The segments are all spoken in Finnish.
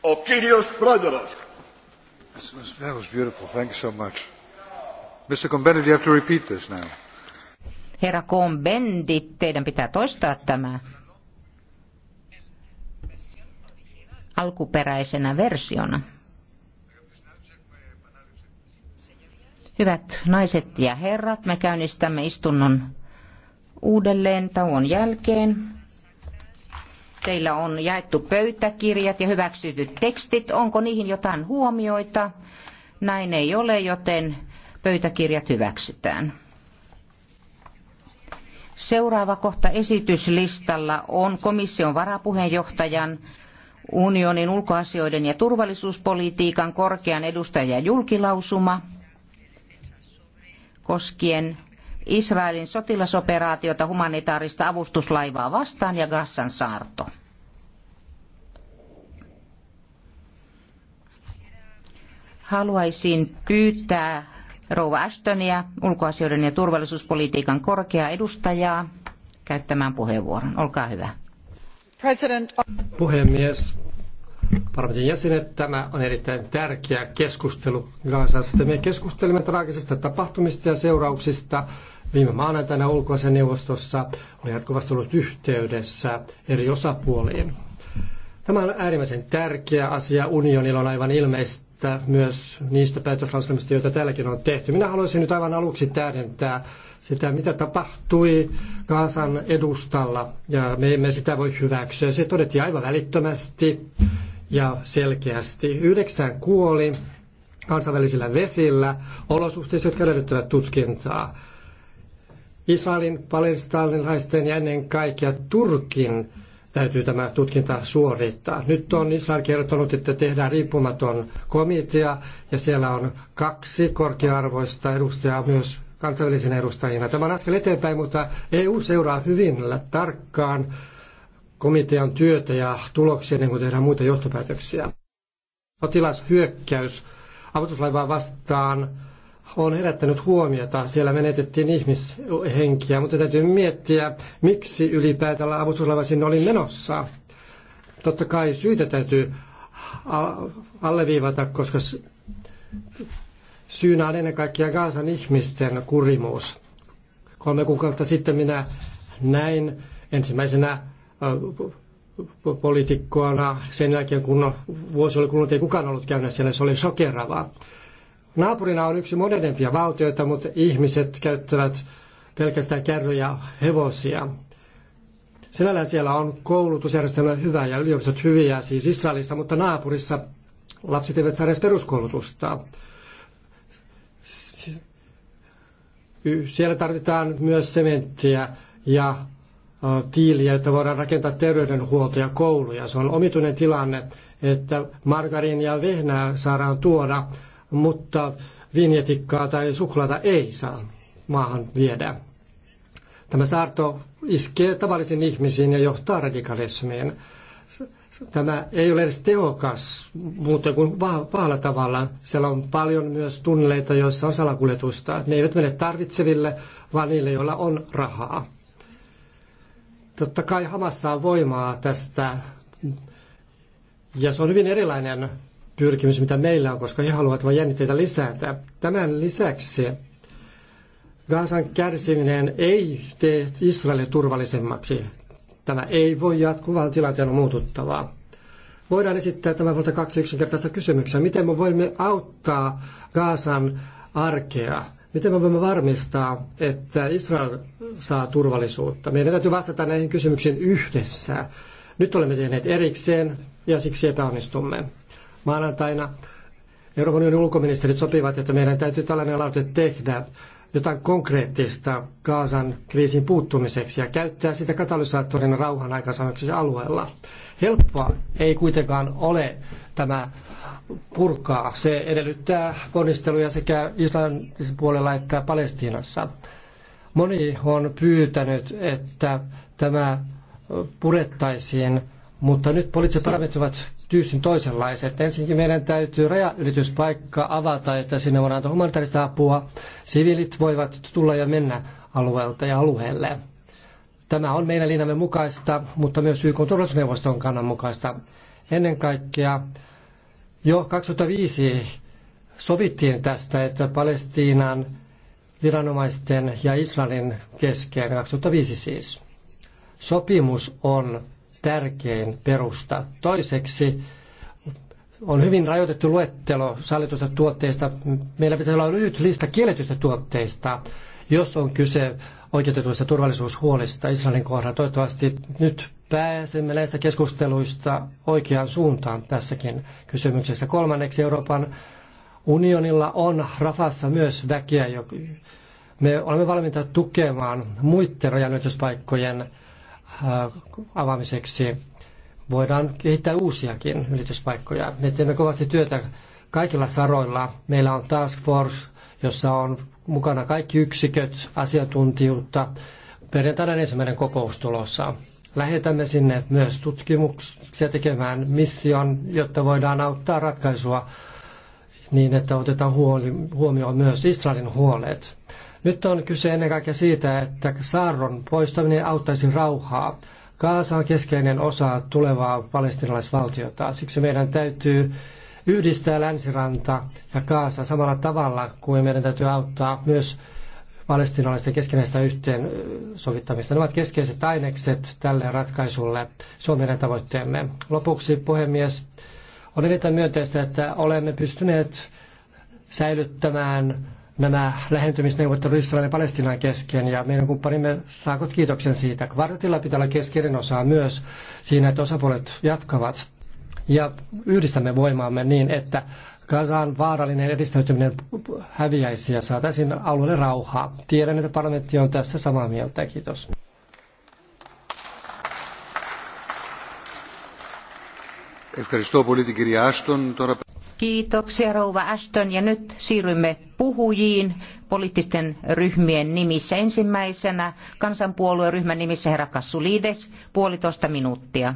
Ο κύριος Πρόεδρος. That was beautiful. Thank you so much. Mr. Combendit, you have to repeat this now. Herra Combendit, teidän pitää toistaa tämä alkuperäisenä versiona. Hyvät naiset ja herrat, me käynnistämme istunnon uudelleen tauon jälkeen. Teillä on jaettu pöytäkirjat ja hyväksytyt tekstit. Onko niihin jotain huomioita? Näin ei ole, joten pöytäkirjat hyväksytään. Seuraava kohta esityslistalla on komission varapuheenjohtajan unionin ulkoasioiden ja turvallisuuspolitiikan korkean edustajan julkilausuma koskien Israelin sotilasoperaatiota humanitaarista avustuslaivaa vastaan ja Gassan saarto. Haluaisin pyytää rouva Ashtonia, ulkoasioiden ja turvallisuuspolitiikan korkeaa edustajaa, käyttämään puheenvuoron. Olkaa hyvä. President... Puhemies, parlamentin jäsenet, tämä on erittäin tärkeä keskustelu Gaasasta. Me keskustelemme traagisista tapahtumista ja seurauksista Viime maanantaina ulkoisen neuvostossa oli jatkuvasti ollut yhteydessä eri osapuoliin. Tämä on äärimmäisen tärkeä asia. Unionilla on aivan ilmeistä myös niistä päätöslauselmista, joita täälläkin on tehty. Minä haluaisin nyt aivan aluksi täydentää sitä, mitä tapahtui Kaasan edustalla. Ja me emme sitä voi hyväksyä. Se todettiin aivan välittömästi ja selkeästi. Yhdeksän kuoli kansainvälisillä vesillä olosuhteissa, jotka edellyttävät tutkintaa. Israelin, palestinalaisten ja ennen kaikkea Turkin täytyy tämä tutkinta suorittaa. Nyt on Israel kertonut, että tehdään riippumaton komitea ja siellä on kaksi korkearvoista edustajaa myös kansainvälisen edustajina. Tämä on askel eteenpäin, mutta EU seuraa hyvin tarkkaan komitean työtä ja tuloksia ennen kuin tehdään muita johtopäätöksiä. Sotilashyökkäys avustuslaivaa vastaan on herättänyt huomiota. Siellä menetettiin ihmishenkiä, mutta täytyy miettiä, miksi ylipäätään avustuslaiva sinne oli menossa. Totta kai syitä täytyy alleviivata, koska syynä on ennen kaikkea Gaasan ihmisten kurimuus. Kolme kuukautta sitten minä näin ensimmäisenä poliitikkoana sen jälkeen, kun no, vuosi oli kulunut, ei kukaan ollut käynyt siellä, se oli shokeravaa. Naapurina on yksi modernempia valtioita, mutta ihmiset käyttävät pelkästään kärryjä hevosia. Sinällään siellä on koulutusjärjestelmä hyvä ja yliopistot hyviä siis Israelissa, mutta naapurissa lapset eivät saa edes peruskoulutusta. Siellä tarvitaan myös sementtiä ja tiiliä, jotta voidaan rakentaa terveydenhuolto ja kouluja. Se on omituinen tilanne, että margariinia ja vehnää saadaan tuoda mutta vinjetikkaa tai suklaata ei saa maahan viedä. Tämä saarto iskee tavallisiin ihmisiin ja johtaa radikalismiin. Tämä ei ole edes tehokas muuten kuin vahalla tavalla. Siellä on paljon myös tunneleita, joissa on salakuljetusta. Ne eivät mene tarvitseville, vaan niille, joilla on rahaa. Totta kai Hamas saa voimaa tästä, ja se on hyvin erilainen pyrkimys, mitä meillä on, koska he haluavat vain jännitteitä lisätä. Tämän lisäksi Gaasan kärsiminen ei tee Israelin turvallisemmaksi. Tämä ei voi jatkuvaan tilanteen muututtavaa. Voidaan esittää tämän vuotta kaksi yksinkertaista kysymyksiä. Miten me voimme auttaa Gaasan arkea? Miten me voimme varmistaa, että Israel saa turvallisuutta? Meidän täytyy vastata näihin kysymyksiin yhdessä. Nyt olemme tehneet erikseen ja siksi epäonnistumme. Maanantaina Euroopan unionin ulkoministerit sopivat, että meidän täytyy tällainen aloite tehdä jotain konkreettista Gaasan kriisin puuttumiseksi ja käyttää sitä katalysaattorina rauhan aikaisemmaksi alueella. Helppoa ei kuitenkaan ole tämä purkaa. Se edellyttää ponnisteluja sekä Islannin puolella että Palestiinassa. Moni on pyytänyt, että tämä purettaisiin mutta nyt poliittiset parametrit ovat tyystin toisenlaiset. Ensinnäkin meidän täytyy rajaylityspaikka avata, että sinne voidaan antaa humanitaarista apua. Siviilit voivat tulla ja mennä alueelta ja alueelle. Tämä on meidän linjamme mukaista, mutta myös YK turvallisuusneuvoston kannan mukaista. Ennen kaikkea jo 2005 sovittiin tästä, että Palestiinan viranomaisten ja Israelin kesken, 2005 siis, sopimus on tärkein perusta. Toiseksi on hyvin rajoitettu luettelo sallitusta tuotteista. Meillä pitäisi olla lyhyt lista kielletyistä tuotteista, jos on kyse oikeutetuista turvallisuushuolista Israelin kohdalla. Toivottavasti nyt pääsemme näistä keskusteluista oikeaan suuntaan tässäkin kysymyksessä. Kolmanneksi Euroopan unionilla on Rafassa myös väkeä. Me olemme valmiita tukemaan muiden rajanylityspaikkojen Äh, avaamiseksi voidaan kehittää uusiakin ylityspaikkoja. Me teemme kovasti työtä kaikilla saroilla. Meillä on Task Force, jossa on mukana kaikki yksiköt, asiantuntijuutta. Perjantaina ensimmäinen kokous tulossa. Lähetämme sinne myös tutkimuksia tekemään mission, jotta voidaan auttaa ratkaisua niin, että otetaan huoli, huomioon myös Israelin huolet. Nyt on kyse ennen kaikkea siitä, että saarron poistaminen auttaisi rauhaa. Kaasa on keskeinen osa tulevaa palestinalaisvaltiota. Siksi meidän täytyy yhdistää länsiranta ja Kaasa samalla tavalla kuin meidän täytyy auttaa myös palestinalaisten keskinäistä yhteensovittamista. Ne ovat keskeiset ainekset tälle ratkaisulle. Se on meidän tavoitteemme. Lopuksi, puhemies, on erittäin myönteistä, että olemme pystyneet säilyttämään nämä lähentymisneuvottelut Israelin ja Palestiinan kesken ja meidän kumppanimme saakot kiitoksen siitä. Kvartilla pitää olla keskeinen osa myös siinä, että osapuolet jatkavat ja yhdistämme voimaamme niin, että Gazan vaarallinen edistäytyminen häviäisi ja saataisiin alueelle rauhaa. Tiedän, että parlamentti on tässä samaa mieltä. Kiitos. Kiitoksia rouva Ashton ja nyt siirrymme puhujiin poliittisten ryhmien nimissä. Ensimmäisenä kansanpuolueryhmän ryhmän nimissä herra Kassulides, puolitoista minuuttia.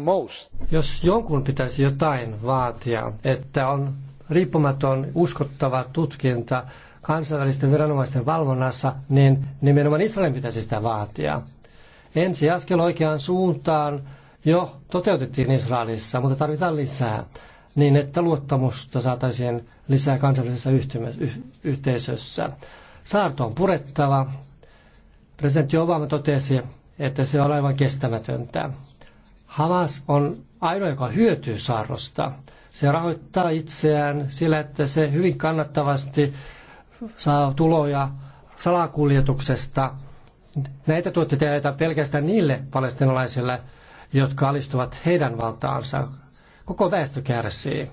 Most... Jos jonkun pitäisi jotain vaatia, että on riippumaton uskottava tutkinta kansainvälisten viranomaisten valvonnassa, niin nimenomaan Israelin pitäisi sitä vaatia. Ensi askel oikeaan suuntaan jo toteutettiin Israelissa, mutta tarvitaan lisää niin, että luottamusta saataisiin lisää kansainvälisessä yhteisössä. Saarto on purettava. Presidentti Obama totesi, että se on aivan kestämätöntä. Hamas on ainoa, joka hyötyy saarrosta. Se rahoittaa itseään sillä, että se hyvin kannattavasti saa tuloja salakuljetuksesta – näitä tuotteita jaetaan pelkästään niille palestinalaisille, jotka alistuvat heidän valtaansa. Koko väestö kärsii.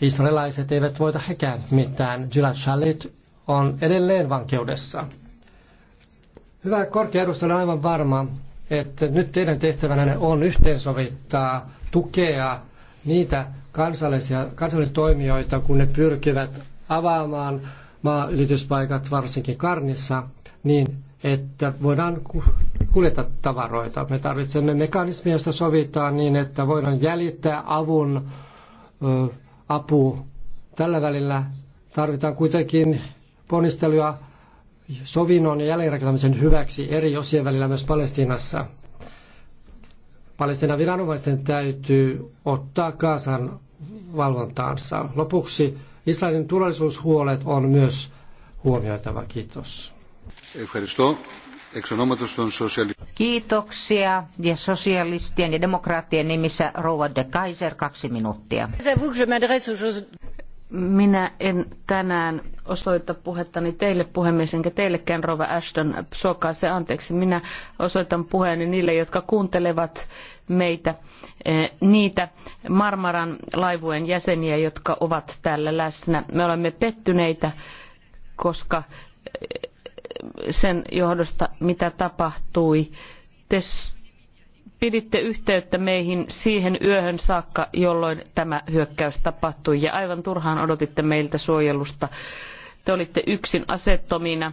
Israelilaiset eivät voita hekään mitään. Gilad Shalit on edelleen vankeudessa. Hyvä korkea edustaja, aivan varma, että nyt teidän tehtävänä on yhteensovittaa, tukea niitä kansallisia, kansallisia toimijoita, kun ne pyrkivät avaamaan maa varsinkin Karnissa, niin että voidaan kuljettaa tavaroita. Me tarvitsemme mekanismia, josta sovitaan niin, että voidaan jäljittää avun apu. Tällä välillä tarvitaan kuitenkin ponnisteluja sovinnon ja jälleenrakentamisen hyväksi eri osien välillä myös Palestiinassa. Palestiinan viranomaisten täytyy ottaa Kaasan valvontaansa. Lopuksi Israelin turvallisuushuolet on myös huomioitava. Kiitos. Kiitoksia ja sosialistien ja demokraattien nimissä Rouva de Kaiser kaksi minuuttia. Minä en tänään osoita puhettani teille puhemies, enkä teillekään Rova Ashton, suokaa se anteeksi. Minä osoitan puheeni niille, jotka kuuntelevat meitä, eh, niitä Marmaran laivueen jäseniä, jotka ovat täällä läsnä. Me olemme pettyneitä, koska eh, sen johdosta, mitä tapahtui. Te piditte yhteyttä meihin siihen yöhön saakka, jolloin tämä hyökkäys tapahtui ja aivan turhaan odotitte meiltä suojelusta. Te olitte yksin asettomina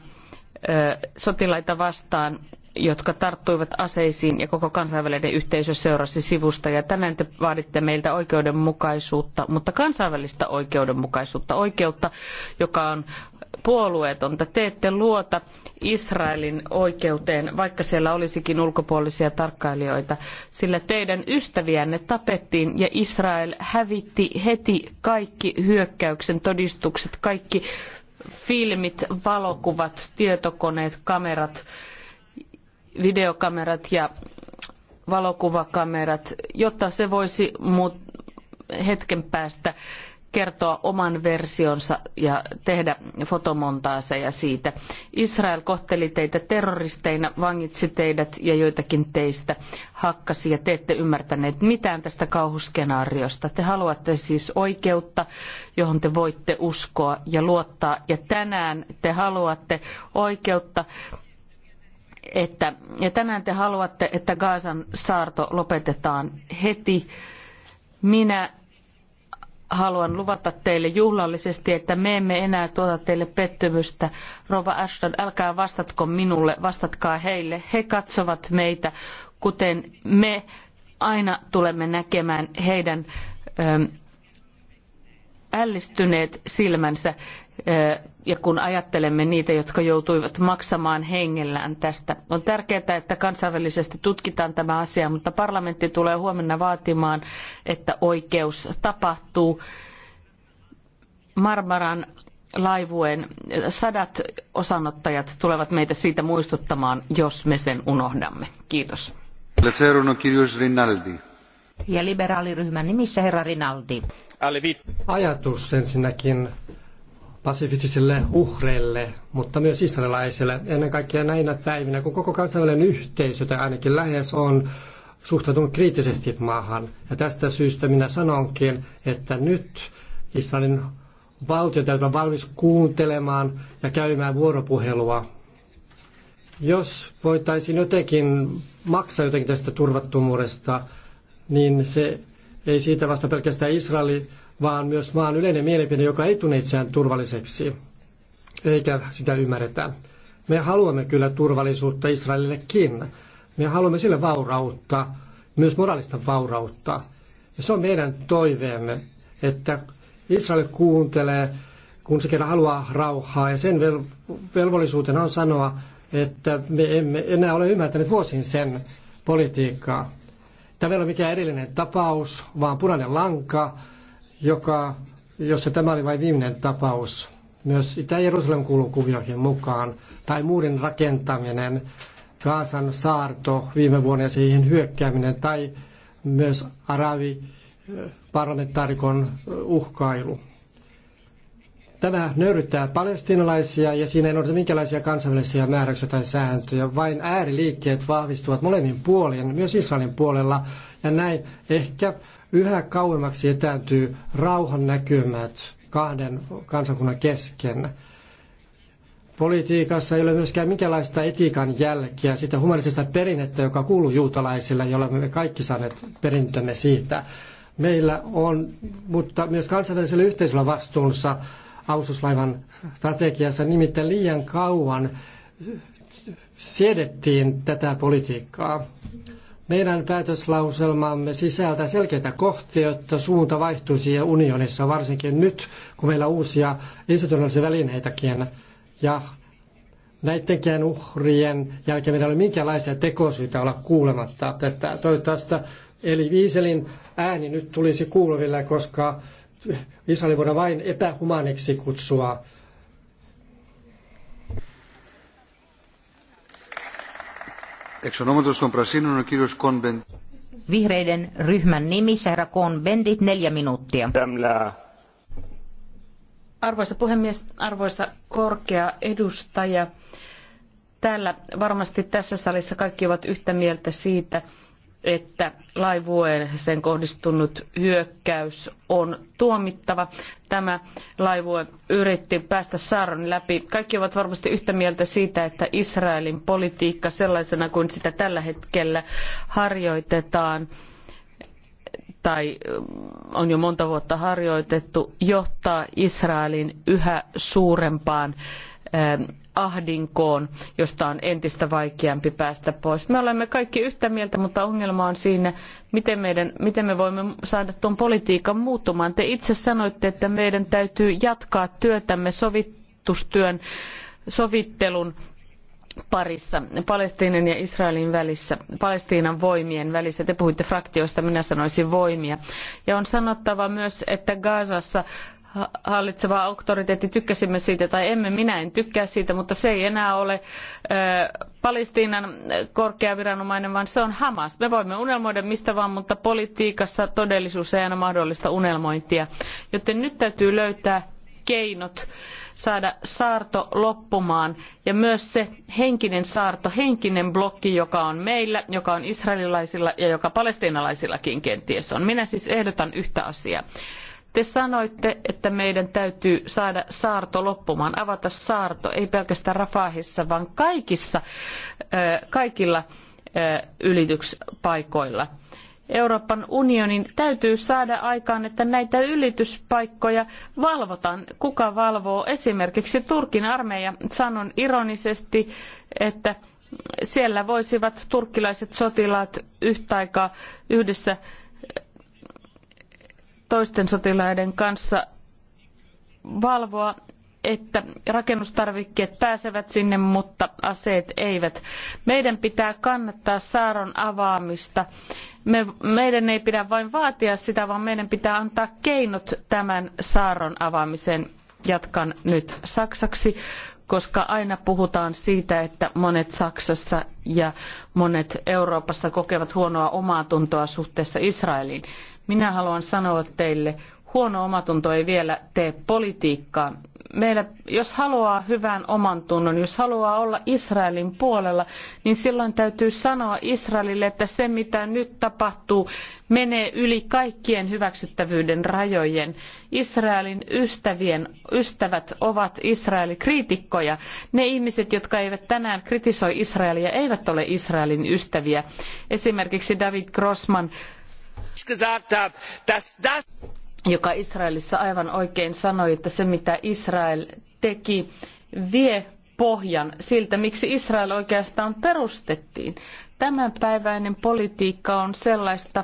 sotilaita vastaan, jotka tarttuivat aseisiin ja koko kansainvälinen yhteisö seurasi sivusta. Ja tänään te vaaditte meiltä oikeudenmukaisuutta, mutta kansainvälistä oikeudenmukaisuutta, oikeutta, joka on puolueetonta. Te ette luota Israelin oikeuteen, vaikka siellä olisikin ulkopuolisia tarkkailijoita, sillä teidän ystäviänne tapettiin ja Israel hävitti heti kaikki hyökkäyksen todistukset, kaikki filmit, valokuvat, tietokoneet, kamerat, videokamerat ja valokuvakamerat, jotta se voisi hetken päästä kertoa oman versionsa ja tehdä fotomontaaseja siitä. Israel kohteli teitä terroristeina, vangitsi teidät ja joitakin teistä hakkasi ja te ette ymmärtäneet mitään tästä kauhuskenaariosta. Te haluatte siis oikeutta, johon te voitte uskoa ja luottaa ja tänään te haluatte oikeutta, että, ja tänään te haluatte, että Gaasan saarto lopetetaan heti. Minä haluan luvata teille juhlallisesti, että me emme enää tuota teille pettymystä. Rova Ashton, älkää vastatko minulle, vastatkaa heille. He katsovat meitä, kuten me aina tulemme näkemään heidän ällistyneet silmänsä ja kun ajattelemme niitä, jotka joutuivat maksamaan hengellään tästä. On tärkeää, että kansainvälisesti tutkitaan tämä asia, mutta parlamentti tulee huomenna vaatimaan, että oikeus tapahtuu. Marmaran laivueen sadat osanottajat tulevat meitä siitä muistuttamaan, jos me sen unohdamme. Kiitos. Ja liberaaliryhmän nimissä herra Rinaldi. Ajatus ensinnäkin pasifistisille uhreille, mutta myös israelaisille. Ennen kaikkea näinä päivinä, kun koko kansainvälinen yhteisö, tai ainakin lähes on, suhtautunut kriittisesti maahan. Ja tästä syystä minä sanonkin, että nyt Israelin valtio täytyy olla valmis kuuntelemaan ja käymään vuoropuhelua. Jos voitaisiin jotenkin maksaa jotenkin tästä turvattomuudesta, niin se ei siitä vasta pelkästään Israeli, vaan myös maan yleinen mielipide, joka ei tunne itseään turvalliseksi, eikä sitä ymmärretä. Me haluamme kyllä turvallisuutta Israelillekin. Me haluamme sille vaurautta, myös moraalista vaurautta. Ja se on meidän toiveemme, että Israel kuuntelee, kun se kerran haluaa rauhaa, ja sen velvollisuutena on sanoa, että me emme enää ole ymmärtäneet vuosin sen politiikkaa. Tämä ei ole mikään erillinen tapaus, vaan punainen lanka, joka, jossa tämä oli vain viimeinen tapaus. Myös Itä-Jerusalem kuuluu kuvioihin mukaan, tai muurin rakentaminen, Kaasan saarto viime vuonna ja siihen hyökkääminen, tai myös Aravi eh, parlamentaarikon eh, uhkailu. Tämä nöyryttää palestinalaisia ja siinä ei noudata minkälaisia kansainvälisiä määräyksiä tai sääntöjä. Vain ääriliikkeet vahvistuvat molemmin puolin, myös Israelin puolella. Ja näin ehkä yhä kauemmaksi etääntyy rauhan näkymät kahden kansakunnan kesken. Politiikassa ei ole myöskään minkäänlaista etiikan jälkeä, sitä humanistista perinnettä, joka kuuluu juutalaisille, jolla me kaikki saaneet perintömme siitä. Meillä on, mutta myös kansainvälisellä yhteisöllä vastuunsa avustuslaivan strategiassa, nimittäin liian kauan siedettiin tätä politiikkaa. Meidän päätöslauselmamme sisältää selkeitä kohtia, jotta suunta vaihtuisi ja unionissa, varsinkin nyt, kun meillä on uusia institutionaalisia välineitäkin. Ja näidenkään uhrien jälkeen meillä ei ole minkäänlaisia tekosyitä olla kuulematta tätä. Toivottavasti eli Viiselin ääni nyt tulisi kuuluville, koska Israelin voidaan vain epähumaniksi kutsua Vihreiden ryhmän nimissä herra Kohn-Bendit, neljä minuuttia. Arvoisa puhemies, arvoisa korkea edustaja. Täällä varmasti tässä salissa kaikki ovat yhtä mieltä siitä, että laivueeseen kohdistunut hyökkäys on tuomittava. Tämä laivue yritti päästä saaron läpi. Kaikki ovat varmasti yhtä mieltä siitä, että Israelin politiikka sellaisena kuin sitä tällä hetkellä harjoitetaan tai mm, on jo monta vuotta harjoitettu, johtaa Israelin yhä suurempaan Ähm, ahdinkoon, josta on entistä vaikeampi päästä pois. Me olemme kaikki yhtä mieltä, mutta ongelma on siinä, miten, meidän, miten me voimme saada tuon politiikan muuttumaan. Te itse sanoitte, että meidän täytyy jatkaa työtämme sovitustyön, sovittelun parissa, Palestiinan ja Israelin välissä, Palestiinan voimien välissä. Te puhuitte fraktioista, minä sanoisin voimia. Ja on sanottava myös, että Gazassa hallitseva auktoriteetti, tykkäsimme siitä tai emme, minä en tykkää siitä, mutta se ei enää ole Palestiinan korkea viranomainen, vaan se on Hamas. Me voimme unelmoida mistä vaan, mutta politiikassa todellisuus ei aina mahdollista unelmointia. Joten nyt täytyy löytää keinot saada saarto loppumaan ja myös se henkinen saarto, henkinen blokki, joka on meillä, joka on israelilaisilla ja joka palestiinalaisillakin kenties on. Minä siis ehdotan yhtä asiaa te sanoitte, että meidän täytyy saada saarto loppumaan, avata saarto, ei pelkästään Rafahissa, vaan kaikissa, kaikilla ylityspaikoilla. Euroopan unionin täytyy saada aikaan, että näitä ylityspaikkoja valvotaan. Kuka valvoo? Esimerkiksi Turkin armeija sanon ironisesti, että siellä voisivat turkkilaiset sotilaat yhtä aikaa yhdessä toisten sotilaiden kanssa valvoa, että rakennustarvikkeet pääsevät sinne, mutta aseet eivät. Meidän pitää kannattaa saaron avaamista. Me, meidän ei pidä vain vaatia sitä, vaan meidän pitää antaa keinot tämän saaron avaamiseen. Jatkan nyt saksaksi, koska aina puhutaan siitä, että monet Saksassa ja monet Euroopassa kokevat huonoa omaa tuntoa suhteessa Israeliin. Minä haluan sanoa teille, huono omatunto ei vielä tee politiikkaa. Meillä, jos haluaa hyvän oman tunnon, jos haluaa olla Israelin puolella, niin silloin täytyy sanoa Israelille, että se mitä nyt tapahtuu menee yli kaikkien hyväksyttävyyden rajojen. Israelin ystävien, ystävät ovat Israelin kriitikkoja. Ne ihmiset, jotka eivät tänään kritisoi Israelia, eivät ole Israelin ystäviä. Esimerkiksi David Grossman joka Israelissa aivan oikein sanoi, että se mitä Israel teki vie pohjan siltä, miksi Israel oikeastaan perustettiin. Tämänpäiväinen politiikka on sellaista,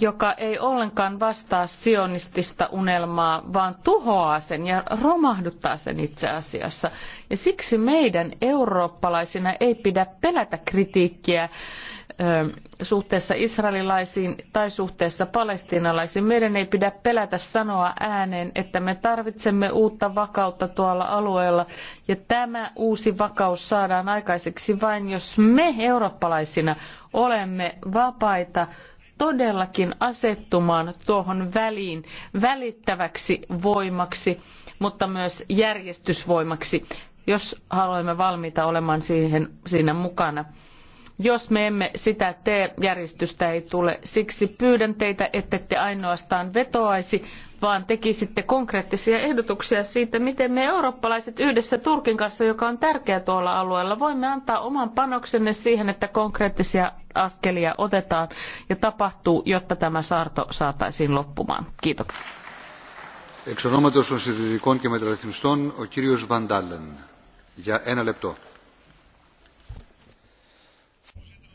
joka ei ollenkaan vastaa sionistista unelmaa, vaan tuhoaa sen ja romahduttaa sen itse asiassa. Ja siksi meidän eurooppalaisina ei pidä pelätä kritiikkiä suhteessa israelilaisiin tai suhteessa palestiinalaisiin. Meidän ei pidä pelätä sanoa ääneen, että me tarvitsemme uutta vakautta tuolla alueella ja tämä uusi vakaus saadaan aikaiseksi vain, jos me eurooppalaisina olemme vapaita todellakin asettumaan tuohon väliin välittäväksi voimaksi, mutta myös järjestysvoimaksi, jos haluamme valmiita olemaan siihen, siinä mukana. Jos me emme sitä tee, järjestystä ei tule. Siksi pyydän teitä, ettette ainoastaan vetoaisi, vaan tekisitte konkreettisia ehdotuksia siitä, miten me eurooppalaiset yhdessä Turkin kanssa, joka on tärkeä tuolla alueella, voimme antaa oman panoksenne siihen, että konkreettisia askelia otetaan ja tapahtuu, jotta tämä saarto saataisiin loppumaan. Kiitoksia. Εξ των συντηρητικών και μεταρρυθμιστών, ο κύριος Βαντάλεν. Για ένα λεπτό.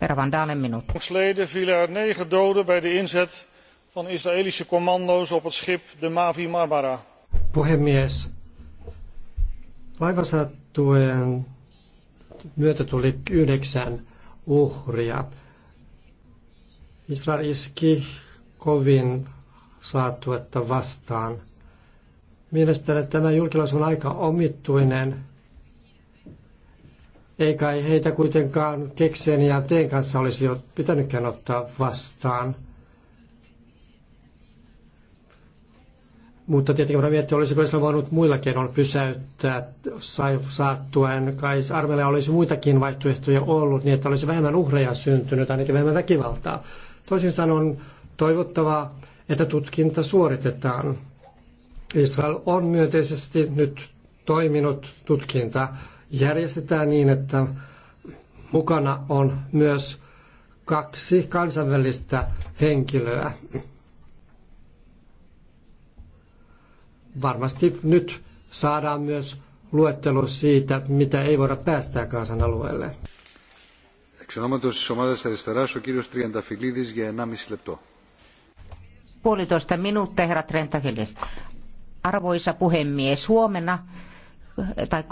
Herra Van Geleden vielen er negen doden bij de inzet van Israëlische commando's op het schip de Mavi Marmara. Puhemies, myötä tuli yhdeksän uhria. Israel iski kovin saattuetta vastaan. Mielestäni tämä julkilaus on aika omittuinen ei kai heitä kuitenkaan kekseen ja teen kanssa olisi jo pitänytkään ottaa vastaan. Mutta tietenkin voidaan miettiä, olisiko Israel voinut muilla keinoilla pysäyttää saattuen. Kai armeilla olisi muitakin vaihtoehtoja ollut, niin että olisi vähemmän uhreja syntynyt, ainakin vähemmän väkivaltaa. Toisin sanoen toivottavaa, että tutkinta suoritetaan. Israel on myönteisesti nyt toiminut tutkinta järjestetään niin, että mukana on myös kaksi kansainvälistä henkilöä. Varmasti nyt saadaan myös luettelo siitä, mitä ei voida päästää kansan alueelle. Puolitoista minuuttia, herra Trentafilis. Arvoisa puhemies, huomenna tai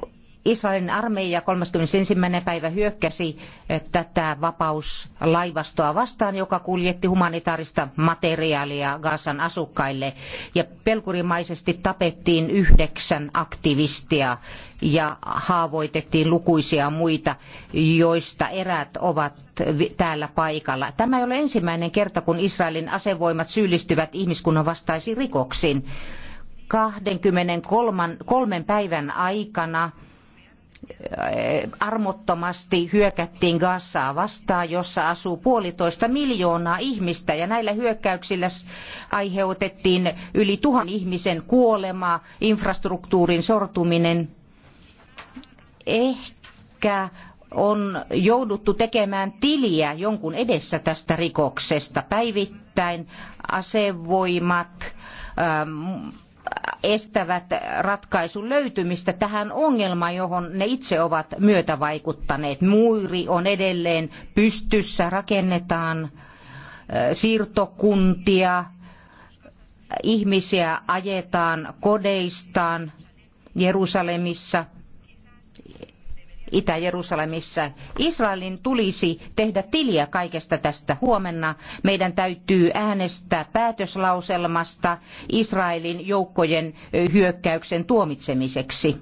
Israelin armeija 31. päivä hyökkäsi eh, tätä vapauslaivastoa vastaan, joka kuljetti humanitaarista materiaalia Gaasan asukkaille. Ja pelkurimaisesti tapettiin yhdeksän aktivistia ja haavoitettiin lukuisia muita, joista eräät ovat täällä paikalla. Tämä ei ole ensimmäinen kerta, kun Israelin asevoimat syyllistyvät ihmiskunnan vastaisiin rikoksiin. 23 päivän aikana Äh, armottomasti hyökättiin Gazaa vastaan, jossa asuu puolitoista miljoonaa ihmistä ja näillä hyökkäyksillä aiheutettiin yli tuhan ihmisen kuolema, infrastruktuurin sortuminen. Ehkä on jouduttu tekemään tiliä jonkun edessä tästä rikoksesta päivittäin asevoimat, ähm, estävät ratkaisun löytymistä tähän ongelmaan, johon ne itse ovat myötävaikuttaneet. Muuri on edelleen pystyssä, rakennetaan siirtokuntia, ihmisiä ajetaan kodeistaan Jerusalemissa Itä-Jerusalemissa. Israelin tulisi tehdä tiliä kaikesta tästä huomenna. Meidän täytyy äänestää päätöslauselmasta Israelin joukkojen hyökkäyksen tuomitsemiseksi.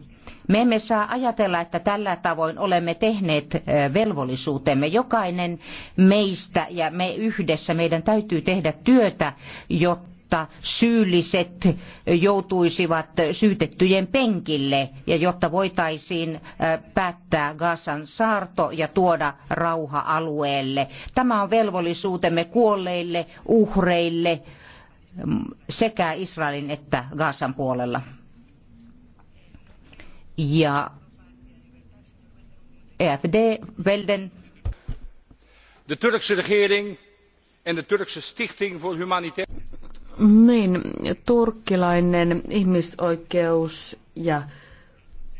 Me emme saa ajatella, että tällä tavoin olemme tehneet velvollisuutemme. Jokainen meistä ja me yhdessä, meidän täytyy tehdä työtä, jotta jotta syylliset joutuisivat syytettyjen penkille ja jotta voitaisiin äh, päättää Gazan saarto ja tuoda rauha alueelle. Tämä on velvollisuutemme kuolleille, uhreille mm, sekä Israelin että Gazan puolella. Ja EFD, Velden. De Turkse regering en de Turkse stichting voor humanitaire... Niin, turkkilainen ihmisoikeus ja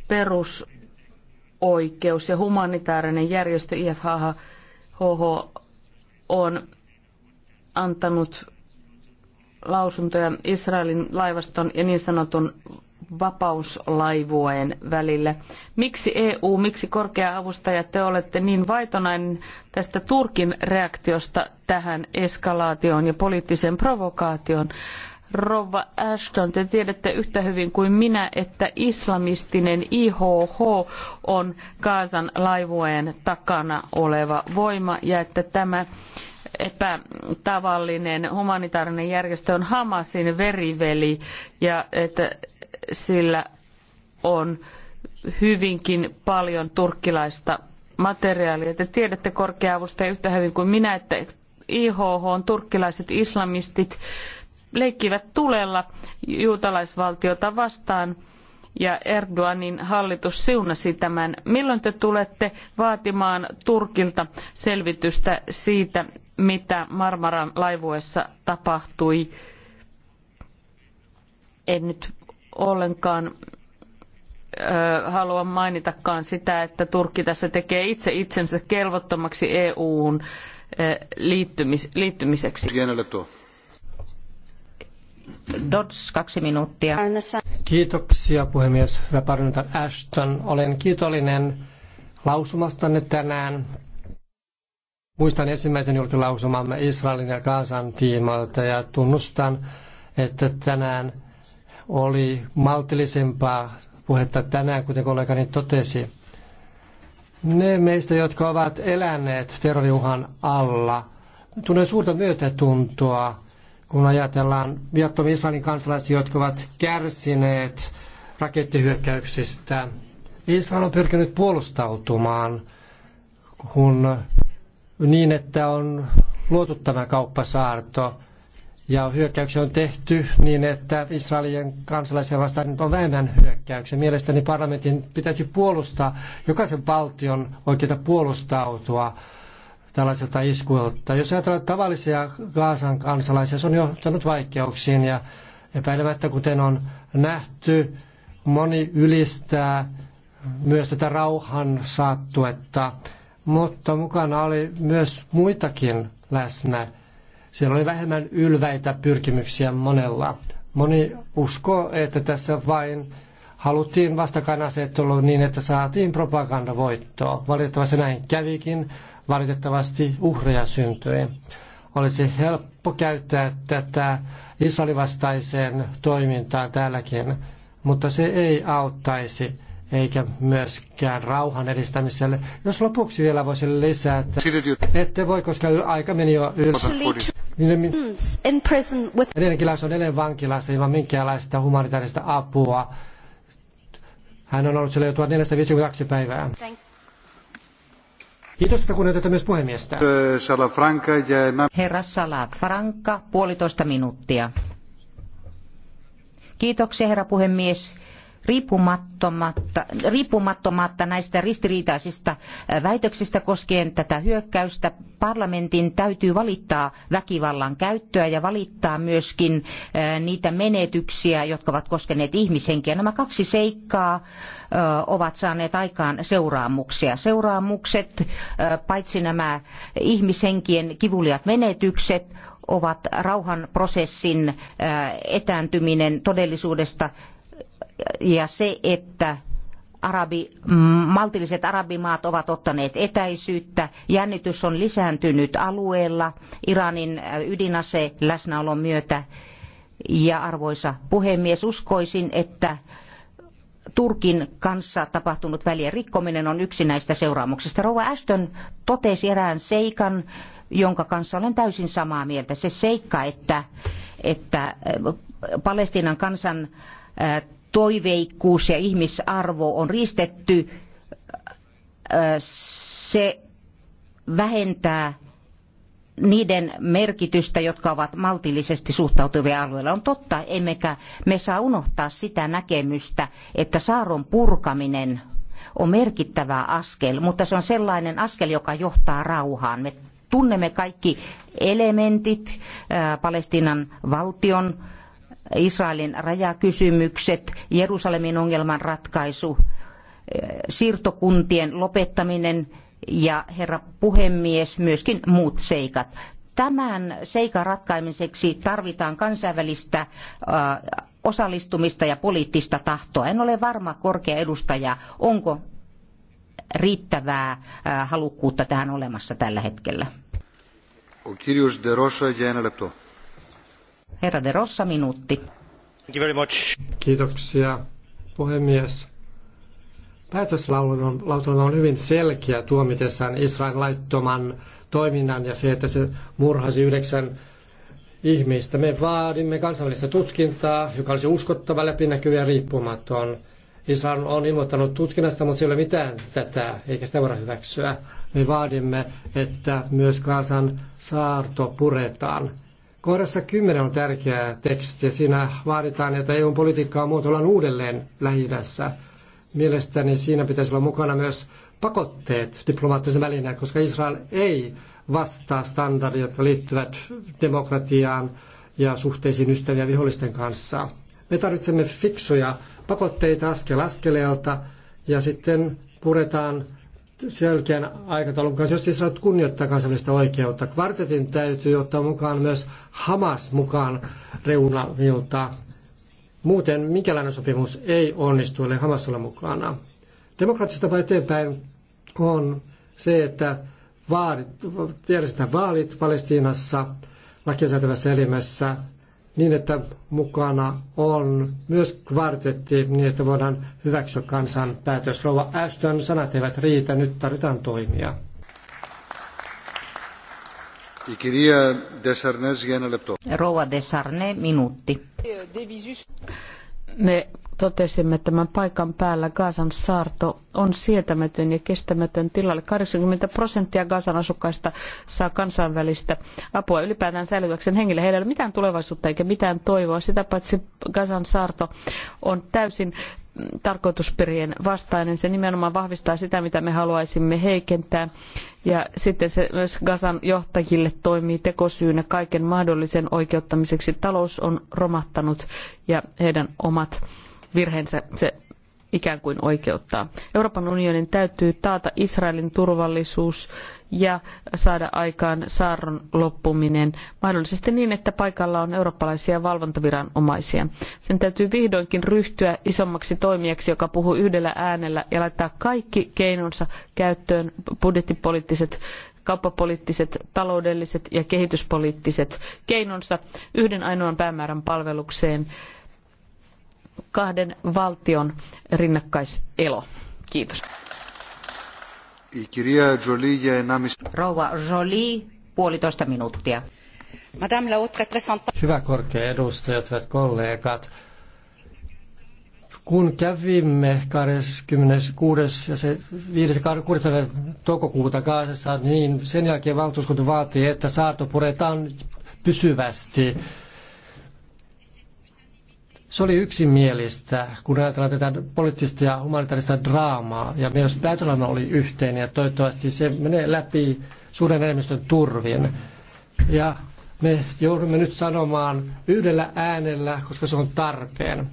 perusoikeus ja humanitaarinen järjestö IFHH on antanut lausuntoja Israelin laivaston ja niin sanotun vapauslaivueen välille. Miksi EU, miksi korkea avustaja te olette niin vaitonainen tästä Turkin reaktiosta tähän eskalaatioon ja poliittiseen provokaatioon? Rova Ashton, te tiedätte yhtä hyvin kuin minä, että islamistinen IHH on Kaasan laivueen takana oleva voima ja että tämä epätavallinen humanitaarinen järjestö on Hamasin veriveli ja että sillä on hyvinkin paljon turkkilaista materiaalia. Te tiedätte korkeavusta yhtä hyvin kuin minä, että IHH on turkkilaiset islamistit leikkivät tulella juutalaisvaltiota vastaan ja Erdoganin hallitus siunasi tämän. Milloin te tulette vaatimaan Turkilta selvitystä siitä, mitä Marmaran laivuessa tapahtui? En nyt ollenkaan halua mainitakaan sitä, että Turkki tässä tekee itse itsensä kelvottomaksi EU:n hun liittymis, liittymiseksi. Dots, kaksi minuuttia. Kiitoksia puhemies, hyvä parlamentar Ashton. Olen kiitollinen lausumastanne tänään. Muistan ensimmäisen julkilausumamme Israelin ja Kaasan tiimoilta ja tunnustan, että tänään oli maltillisempaa puhetta tänään, kuten kollegani totesi. Ne meistä, jotka ovat eläneet terroriuhan alla, tunnen suurta myötätuntoa, kun ajatellaan viattomia Israelin kansalaisia, jotka ovat kärsineet rakettihyökkäyksistä. Israel on pyrkinyt puolustautumaan kun, niin, että on luotu tämä kauppasaarto. Ja hyökkäyksiä on tehty niin, että Israelien kansalaisia vastaan on vähemmän hyökkäyksiä. Mielestäni parlamentin pitäisi puolustaa jokaisen valtion oikeita puolustautua tällaiselta iskuilta. Jos ajatellaan tavallisia Gaasan kansalaisia, se on johtanut vaikeuksiin ja epäilemättä, kuten on nähty, moni ylistää myös tätä rauhan saattuetta, mutta mukana oli myös muitakin läsnä siellä oli vähemmän ylväitä pyrkimyksiä monella. Moni uskoo, että tässä vain haluttiin vastakkainasettelu niin, että saatiin propagandavoittoa. Valitettavasti näin kävikin, valitettavasti uhreja syntyi. Olisi helppo käyttää tätä Israelin toimintaan täälläkin, mutta se ei auttaisi eikä myöskään rauhan edistämiselle. Jos lopuksi vielä voisin lisätä, ette voi, koska aika meni jo yli. Niin hmm, in prison on edelleen vankilassa ilman minkäänlaista humanitaarista apua. Hän on ollut siellä jo 1452 päivää. Kiitos, että kunnioitatte myös puhemiestä. Eh, herra Salafranca, puolitoista minuuttia. Kiitoksia, herra puhemies riippumattomatta, riippumattomatta näistä ristiriitaisista väitöksistä koskien tätä hyökkäystä. Parlamentin täytyy valittaa väkivallan käyttöä ja valittaa myöskin niitä menetyksiä, jotka ovat koskeneet ihmishenkiä. Nämä kaksi seikkaa ovat saaneet aikaan seuraamuksia. Seuraamukset, paitsi nämä ihmishenkien kivuliat menetykset, ovat rauhanprosessin etääntyminen todellisuudesta ja se, että arabi, maltilliset arabimaat ovat ottaneet etäisyyttä. Jännitys on lisääntynyt alueella Iranin äh, ydinase läsnäolon myötä. Ja arvoisa puhemies, uskoisin, että Turkin kanssa tapahtunut välien rikkominen on yksi näistä seuraamuksista. Rouva Ashton totesi erään seikan, jonka kanssa olen täysin samaa mieltä. Se seikka, että, että äh, Palestiinan kansan äh, toiveikkuus ja ihmisarvo on ristetty, se vähentää niiden merkitystä, jotka ovat maltillisesti suhtautuvia alueella. On totta, emmekä me saa unohtaa sitä näkemystä, että saaron purkaminen on merkittävä askel, mutta se on sellainen askel, joka johtaa rauhaan. Me tunnemme kaikki elementit Palestiinan valtion äh, Israelin rajakysymykset, Jerusalemin ongelman ratkaisu, eh, siirtokuntien lopettaminen ja herra puhemies, myöskin muut seikat. Tämän seikan ratkaimiseksi tarvitaan kansainvälistä eh, osallistumista ja poliittista tahtoa. En ole varma, korkea edustaja, onko riittävää eh, halukkuutta tähän olemassa tällä hetkellä. O kirjus de Rosa, Herra de Rossa, minuutti. Kiitoksia, puhemies. Päätöslautelma on hyvin selkeä tuomitessaan Israelin laittoman toiminnan ja se, että se murhasi yhdeksän ihmistä. Me vaadimme kansainvälistä tutkintaa, joka olisi uskottava, läpinäkyvä ja riippumaton. Israel on ilmoittanut tutkinnasta, mutta siellä ei ole mitään tätä, eikä sitä voida hyväksyä. Me vaadimme, että myös Kaasan saarto puretaan. Kohdassa 10 on tärkeä teksti ja siinä vaaditaan, että EUn politiikkaa muotoillaan uudelleen lähi -idässä. Mielestäni siinä pitäisi olla mukana myös pakotteet diplomaattisen välineen, koska Israel ei vastaa standardeja, jotka liittyvät demokratiaan ja suhteisiin ystäviä vihollisten kanssa. Me tarvitsemme fiksuja pakotteita askel askeleelta ja sitten puretaan selkeän aikataulun kanssa, jos Israel kunnioittaa kansallista oikeutta. Kvartetin täytyy ottaa mukaan myös Hamas mukaan reunamilta. Muuten minkälainen sopimus ei onnistu, ellei Hamas ole mukana. Demokraattista tapa eteenpäin on se, että vaalit, järjestetään vaalit Palestiinassa lakisäätävässä elimessä niin, että mukana on myös kvartetti, niin että voidaan hyväksyä kansan päätös. Rouva Ashton, sanat eivät riitä, nyt tarvitaan toimia. Rouva Desarne, minuutti me totesimme tämän paikan päällä, Gaasan saarto on sietämätön ja kestämätön tilalle. 80 prosenttia Gaasan asukkaista saa kansainvälistä apua ylipäätään säilyväkseen hengille. Heillä ei ole mitään tulevaisuutta eikä mitään toivoa. Sitä paitsi Gaasan saarto on täysin tarkoitusperien vastainen. Se nimenomaan vahvistaa sitä, mitä me haluaisimme heikentää. Ja sitten se myös Gazan johtajille toimii tekosyynä kaiken mahdollisen oikeuttamiseksi. Talous on romahtanut ja heidän omat virheensä se ikään kuin oikeuttaa. Euroopan unionin täytyy taata Israelin turvallisuus ja saada aikaan saaron loppuminen, mahdollisesti niin, että paikalla on eurooppalaisia valvontaviranomaisia. Sen täytyy vihdoinkin ryhtyä isommaksi toimijaksi, joka puhuu yhdellä äänellä ja laittaa kaikki keinonsa käyttöön budjettipoliittiset kauppapoliittiset, taloudelliset ja kehityspoliittiset keinonsa yhden ainoan päämäärän palvelukseen kahden valtion rinnakkaiselo. Kiitos. Rouva Jolie, puolitoista minuuttia. Hyvä korkea edustaja, hyvät kollegat. Kun kävimme 26. ja 5. toukokuuta kaasessa niin sen jälkeen valtuuskunta vaatii, että saarto puretaan pysyvästi se oli yksimielistä, kun ajatellaan tätä poliittista ja humanitaarista draamaa, ja myös päätelmä oli yhteinen, ja toivottavasti se menee läpi suuren enemmistön turvin. Ja me joudumme nyt sanomaan yhdellä äänellä, koska se on tarpeen.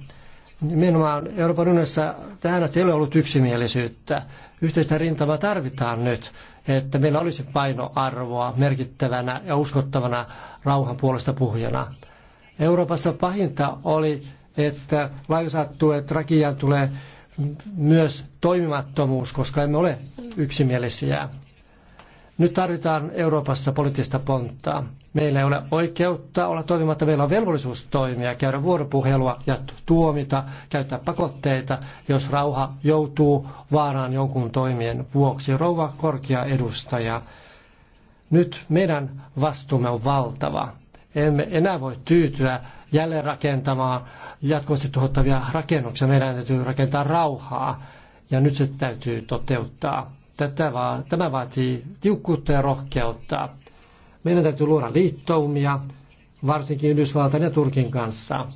Nimenomaan Euroopan unionissa tähän asti ei ole ollut yksimielisyyttä. Yhteistä rintamaa tarvitaan nyt, että meillä olisi painoarvoa merkittävänä ja uskottavana rauhan puolesta puhujana. Euroopassa pahinta oli että että rakijan tulee myös toimimattomuus, koska emme ole yksimielisiä. Nyt tarvitaan Euroopassa poliittista ponttaa. Meillä ei ole oikeutta olla toimimatta, meillä on velvollisuus toimia, käydä vuoropuhelua ja tuomita, käyttää pakotteita, jos rauha joutuu vaaraan jonkun toimien vuoksi. Rouva korkea edustaja, nyt meidän vastuumme on valtava. Emme enää voi tyytyä jälleen rakentamaan jatkuvasti tuhottavia rakennuksia. Meidän täytyy rakentaa rauhaa ja nyt se täytyy toteuttaa. Tätä va- tämä vaatii tiukkuutta ja rohkeutta. Meidän täytyy luoda liittoumia, varsinkin Yhdysvaltain ja Turkin kanssa.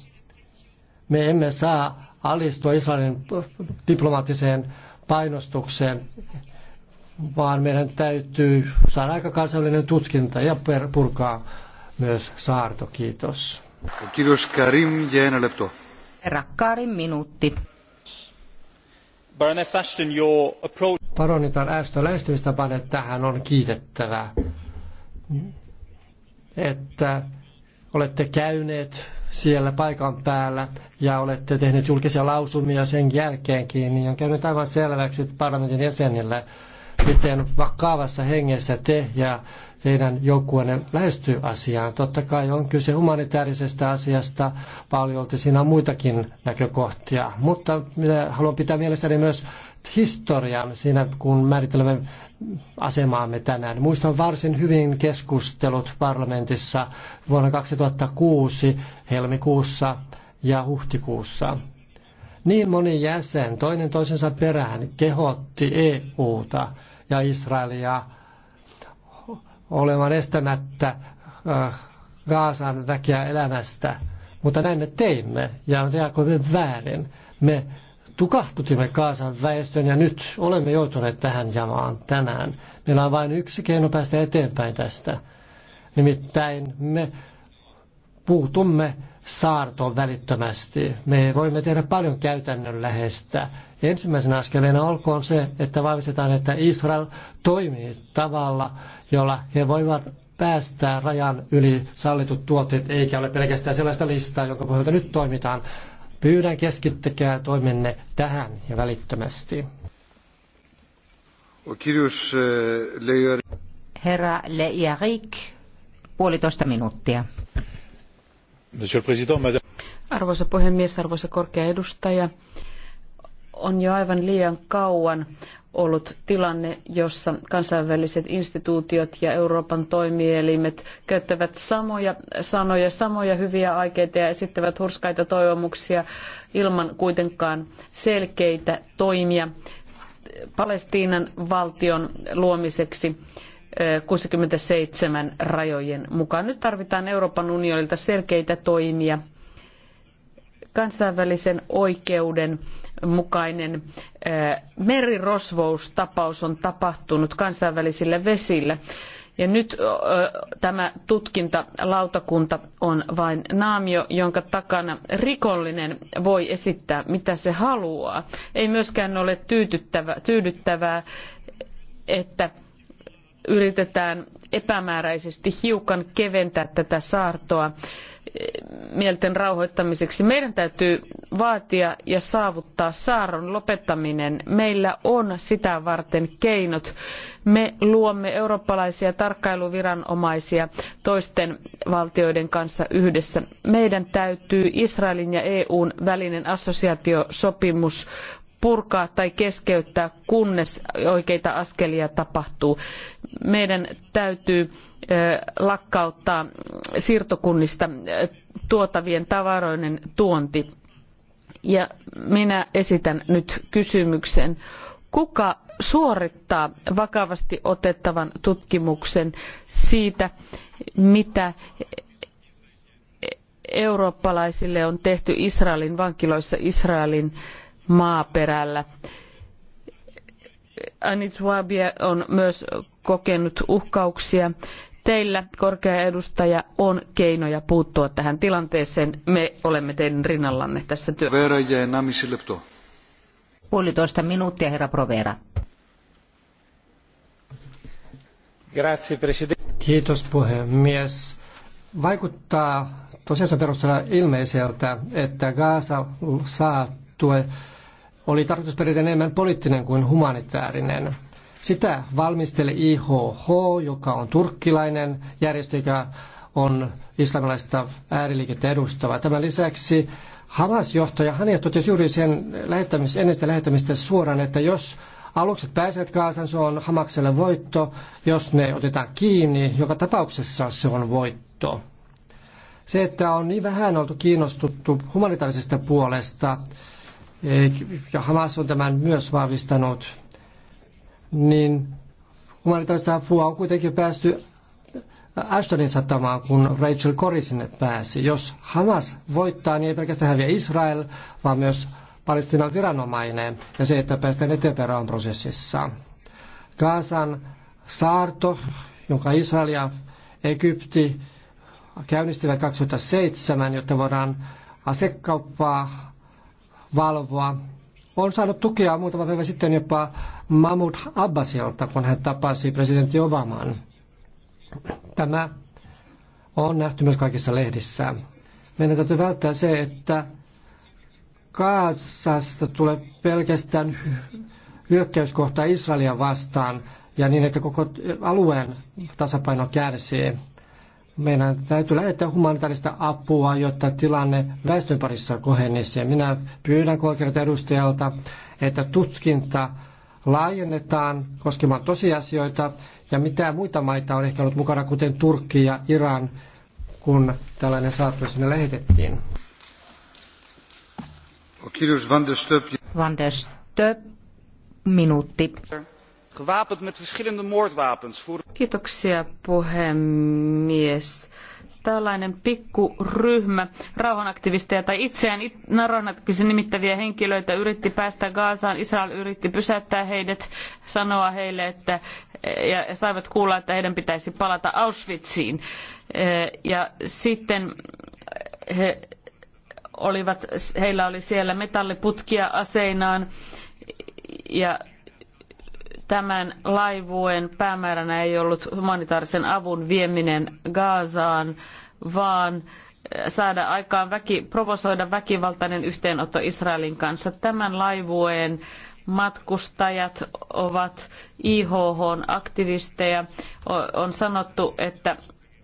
Me emme saa alistua Israelin diplomaattiseen painostukseen, vaan meidän täytyy saada aika kansainvälinen tutkinta ja purkaa myös saarto. Kiitos. Kiitos Karim, lepto. Herra Karim, minuutti. Baroness Ashton, your approach... Baronitar Ashton, lähestymistapanne tähän on kiitettävää. Että olette käyneet siellä paikan päällä ja olette tehneet julkisia lausumia sen jälkeenkin, niin on käynyt aivan selväksi parlamentin jäsenille, miten vakavassa hengessä te ja teidän joukkueenne lähestyy asiaan. Totta kai on kyse humanitaarisesta asiasta, paljon siinä on muitakin näkökohtia, mutta minä haluan pitää mielessäni myös historian siinä, kun määrittelemme asemaamme tänään. Muistan varsin hyvin keskustelut parlamentissa vuonna 2006 helmikuussa ja huhtikuussa. Niin moni jäsen toinen toisensa perään kehotti EUta ja Israelia olemaan estämättä äh, Gaasan väkeä elämästä. Mutta näin me teimme ja reagoimme väärin. Me tukahtutimme Kaasan väestön ja nyt olemme joutuneet tähän jamaan tänään. Meillä on vain yksi keino päästä eteenpäin tästä. Nimittäin me puutumme saartoon välittömästi. Me voimme tehdä paljon käytännönläheistä. läheistä Ensimmäisenä askeleena olkoon se, että vahvistetaan, että Israel toimii tavalla, jolla he voivat päästää rajan yli sallitut tuotteet, eikä ole pelkästään sellaista listaa, jonka pohjalta nyt toimitaan. Pyydän keskittäkää toimenne tähän ja välittömästi. E, Herra Le puolitoista minuuttia. Monsieur Arvoisa puhemies, arvoisa korkea edustaja on jo aivan liian kauan ollut tilanne, jossa kansainväliset instituutiot ja Euroopan toimielimet käyttävät samoja sanoja, samoja hyviä aikeita ja esittävät hurskaita toivomuksia ilman kuitenkaan selkeitä toimia Palestiinan valtion luomiseksi 67 rajojen mukaan. Nyt tarvitaan Euroopan unionilta selkeitä toimia kansainvälisen oikeuden mukainen äh, merirosvoustapaus on tapahtunut kansainvälisillä vesillä. Ja nyt äh, tämä tutkintalautakunta on vain naamio, jonka takana rikollinen voi esittää mitä se haluaa. Ei myöskään ole tyydyttävää, tyydyttävää että yritetään epämääräisesti hiukan keventää tätä saartoa mielten rauhoittamiseksi. Meidän täytyy vaatia ja saavuttaa saaron lopettaminen. Meillä on sitä varten keinot. Me luomme eurooppalaisia tarkkailuviranomaisia toisten valtioiden kanssa yhdessä. Meidän täytyy Israelin ja EUn välinen assosiaatiosopimus purkaa tai keskeyttää, kunnes oikeita askelia tapahtuu meidän täytyy lakkauttaa siirtokunnista tuotavien tavaroiden tuonti. Ja minä esitän nyt kysymyksen. Kuka suorittaa vakavasti otettavan tutkimuksen siitä, mitä eurooppalaisille on tehty Israelin vankiloissa Israelin maaperällä. Anit on myös kokenut uhkauksia. Teillä, korkea edustaja, on keinoja puuttua tähän tilanteeseen. Me olemme teidän rinnallanne tässä työssä. Puolitoista minuuttia, herra Provera. Kiitos puhemies. Vaikuttaa tosiaan perusteella ilmeiseltä, että Gaasa saa tue oli tarkoitusperinteinen enemmän poliittinen kuin humanitaarinen. Sitä valmisteli IHH, joka on turkkilainen järjestö, joka on islamilaista ääriliikettä edustava. Tämän lisäksi Hamas-johtaja Hanif totesi juuri sen lähettämis, ennen sitä lähettämistä suoraan, että jos alukset pääsevät Kaasan, se on Hamakselle voitto. Jos ne otetaan kiinni, joka tapauksessa se on voitto. Se, että on niin vähän oltu kiinnostuttu humanitaarisesta puolesta, eh, ja Hamas on tämän myös vahvistanut, niin humanitaarista apua on kuitenkin päästy Ashtonin satamaan, kun Rachel Corrie sinne pääsi. Jos Hamas voittaa, niin ei pelkästään häviä Israel, vaan myös Palestinan viranomainen ja se, että päästään eteenpäin rauhan prosessissa. Gaasan saarto, jonka Israel ja Egypti käynnistivät 2007, jotta voidaan asekauppaa valvoa on saanut tukea muutama päivä sitten jopa Mahmoud Abbasilta, kun hän tapasi presidentti Obaman. Tämä on nähty myös kaikissa lehdissä. Meidän täytyy välttää se, että Kaatsasta tulee pelkästään hyökkäyskohta Israelia vastaan ja niin, että koko alueen tasapaino kärsii. Meidän täytyy lähettää humanitaarista apua, jotta tilanne väestön parissa kohenisi. Ja minä pyydän korkealta edustajalta, että tutkinta laajennetaan koskemaan tosiasioita ja mitä muita maita on ehkä ollut mukana, kuten Turkki ja Iran, kun tällainen saattu sinne lähetettiin. Van der Stöp, minuutti gewapend met verschillende moordwapens. Kiitoksia puhemies. Tällainen pikkuryhmä rauhanaktivisteja tai itseään rauhanaktivistiksi nimittäviä henkilöitä yritti päästä Gaasaan. Israel yritti pysäyttää heidät, sanoa heille, että ja saivat kuulla, että heidän pitäisi palata Auschwitziin. Ja sitten he olivat, heillä oli siellä metalliputkia aseinaan ja Tämän laivueen päämääränä ei ollut humanitaarisen avun vieminen Gazaan, vaan eh, saada aikaan väki, provosoida väkivaltainen yhteenotto Israelin kanssa. Tämän laivueen matkustajat ovat IHH-aktivisteja. On sanottu, että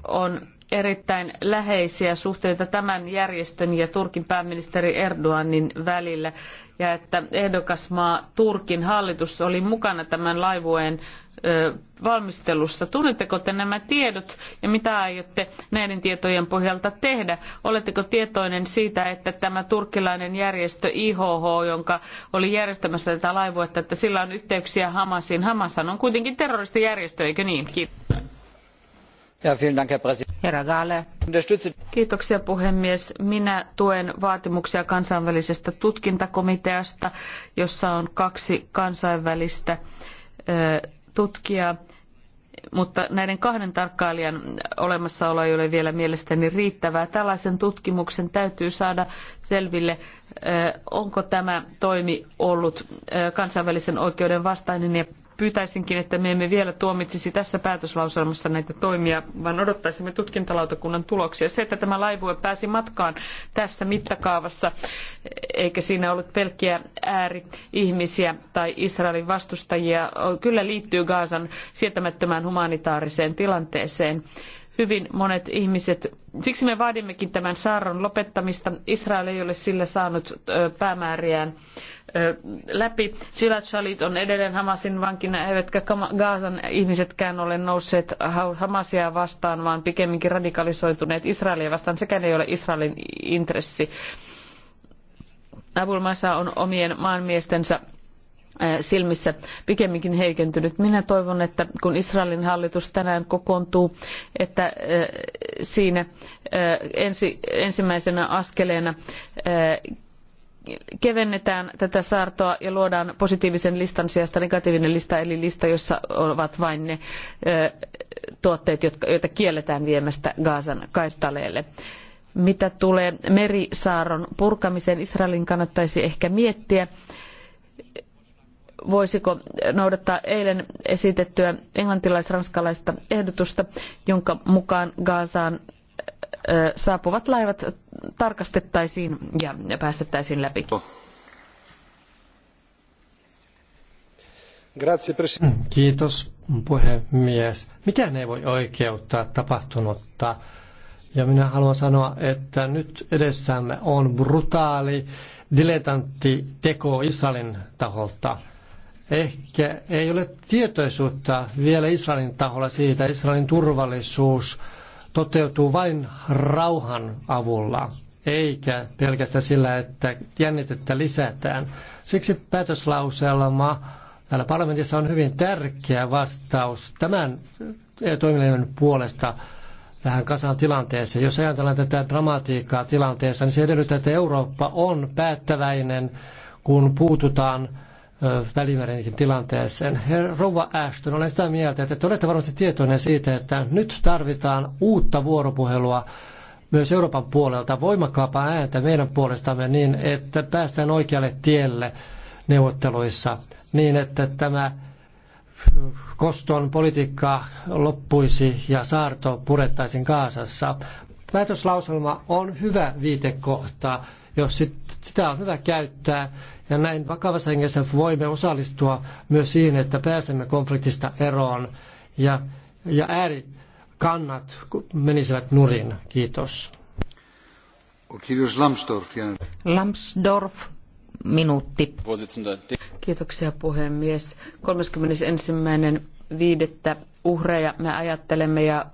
on erittäin läheisiä suhteita tämän järjestön ja Turkin pääministeri Erdoganin välillä ja että ehdokasmaa Turkin hallitus oli mukana tämän laivueen valmistelussa. Tunnetteko te nämä tiedot ja mitä aiotte näiden tietojen pohjalta tehdä? Oletteko tietoinen siitä, että tämä turkkilainen järjestö IHH, jonka oli järjestämässä tätä laivuetta, että sillä on yhteyksiä Hamasiin? Hamashan on kuitenkin terroristijärjestö, eikö niin? Kiitos. Kiitoksia puhemies. Minä tuen vaatimuksia kansainvälisestä tutkintakomiteasta, jossa on kaksi kansainvälistä tutkijaa, mutta näiden kahden tarkkailijan olemassaolo ei ole vielä mielestäni riittävää. Tällaisen tutkimuksen täytyy saada selville, onko tämä toimi ollut kansainvälisen oikeuden vastainen ja pyytäisinkin, että me emme vielä tuomitsisi tässä päätöslauselmassa näitä toimia, vaan odottaisimme tutkintalautakunnan tuloksia. Se, että tämä laivue pääsi matkaan tässä mittakaavassa, eikä siinä ollut pelkkiä ääri-ihmisiä tai Israelin vastustajia, kyllä liittyy Gaasan sietämättömään humanitaariseen tilanteeseen hyvin monet ihmiset. Siksi me vaadimmekin tämän saarron lopettamista. Israel ei ole sillä saanut päämääriään läpi. Jilad Shalit on edelleen Hamasin vankina, eivätkä Gaasan ihmisetkään ole nousseet Hamasia vastaan, vaan pikemminkin radikalisoituneet Israelia vastaan. Sekään ei ole Israelin intressi. Abul Masa on omien maanmiestensä silmissä pikemminkin heikentynyt. Minä toivon, että kun Israelin hallitus tänään kokoontuu, että siinä ensimmäisenä askeleena kevennetään tätä saartoa ja luodaan positiivisen listan sijasta negatiivinen lista, eli lista, jossa ovat vain ne tuotteet, jotka, joita kielletään viemästä Gaasan kaistaleelle. Mitä tulee merisaaron purkamiseen, Israelin kannattaisi ehkä miettiä, voisiko noudattaa eilen esitettyä englantilais-ranskalaista ehdotusta, jonka mukaan Gaasaan saapuvat laivat tarkastettaisiin ja päästettäisiin läpi. Mm, kiitos puhemies. Mikään ei voi oikeuttaa tapahtunutta. Ja minä haluan sanoa, että nyt edessämme on brutaali diletantti teko Israelin taholta. Ehkä ei ole tietoisuutta vielä Israelin taholla siitä. Israelin turvallisuus toteutuu vain rauhan avulla, eikä pelkästään sillä, että jännitettä lisätään. Siksi päätöslauselma täällä parlamentissa on hyvin tärkeä vastaus tämän eh, toiminnan puolesta tähän kasaan tilanteeseen. Jos ajatellaan tätä dramatiikkaa tilanteessa, niin se edellyttää, että Eurooppa on päättäväinen, kun puututaan välimerenkin tilanteeseen. Her, Rouva Ashton, olen sitä mieltä, että te olette varmasti tietoinen siitä, että nyt tarvitaan uutta vuoropuhelua myös Euroopan puolelta, voimakkaampaa ääntä meidän puolestamme niin, että päästään oikealle tielle neuvotteluissa, niin että tämä koston politiikka loppuisi ja saarto purettaisiin Kaasassa. Päätöslauselma on hyvä viitekohta jos sit, sitä on hyvä käyttää. Ja näin vakavassa hengessä voimme osallistua myös siihen, että pääsemme konfliktista eroon ja, ja äärikannat menisivät nurin. Kiitos. Lambsdorff, minuutti. Kiitoksia puhemies. 31.5 uhreja me ajattelemme ja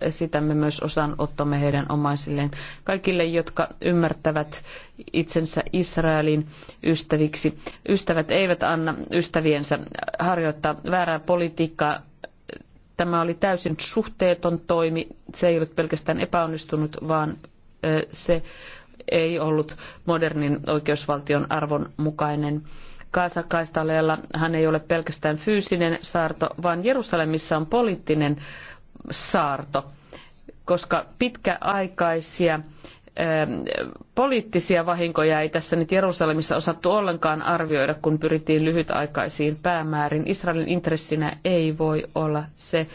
esitämme myös osanottomme heidän omaisilleen. Kaikille, jotka ymmärtävät itsensä Israelin ystäviksi. Ystävät eivät anna ystäviensä harjoittaa väärää politiikkaa. Tämä oli täysin suhteeton toimi. Se ei ollut pelkästään epäonnistunut, vaan se ei ollut modernin oikeusvaltion arvon mukainen. Kaasakaistaleella hän ei ole pelkästään fyysinen saarto, vaan Jerusalemissa on poliittinen saarto, koska pitkäaikaisia ähm, poliittisia vahinkoja ei tässä nyt Jerusalemissa osattu ollenkaan arvioida, kun pyrittiin lyhytaikaisiin päämäärin. Israelin intressinä ei voi olla se,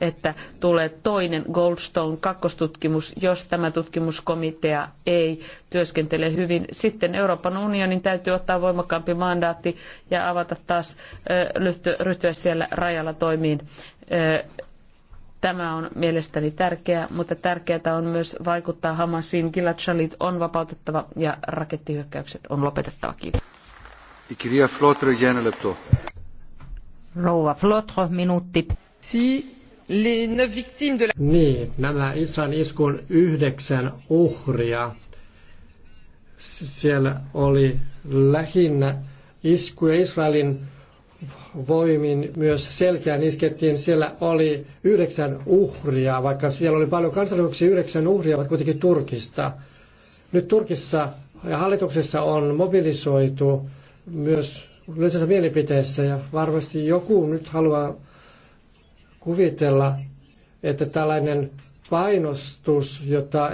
että tulee toinen Goldstone kakkostutkimus, jos tämä tutkimuskomitea ei työskentele hyvin. Sitten Euroopan unionin täytyy ottaa voimakkaampi mandaatti ja avata taas, ryhtyä siellä rajalla toimiin. Tämä on mielestäni tärkeää, mutta tärkeää on myös vaikuttaa Hamasiin. Gilad Shalit on vapautettava ja rakettihyökkäykset on lopetettava. Kiitos. Rouva Flotro, minuutti. Si. Niin, nämä Israelin iskun yhdeksän uhria. Siellä oli lähinnä iskuja Israelin voimin myös selkeän iskettiin. Siellä oli yhdeksän uhria, vaikka siellä oli paljon kansallisuuksia, yhdeksän uhria ovat kuitenkin Turkista. Nyt Turkissa ja hallituksessa on mobilisoitu myös yleisessä mielipiteessä ja varmasti joku nyt haluaa kuvitella, että tällainen painostus, jota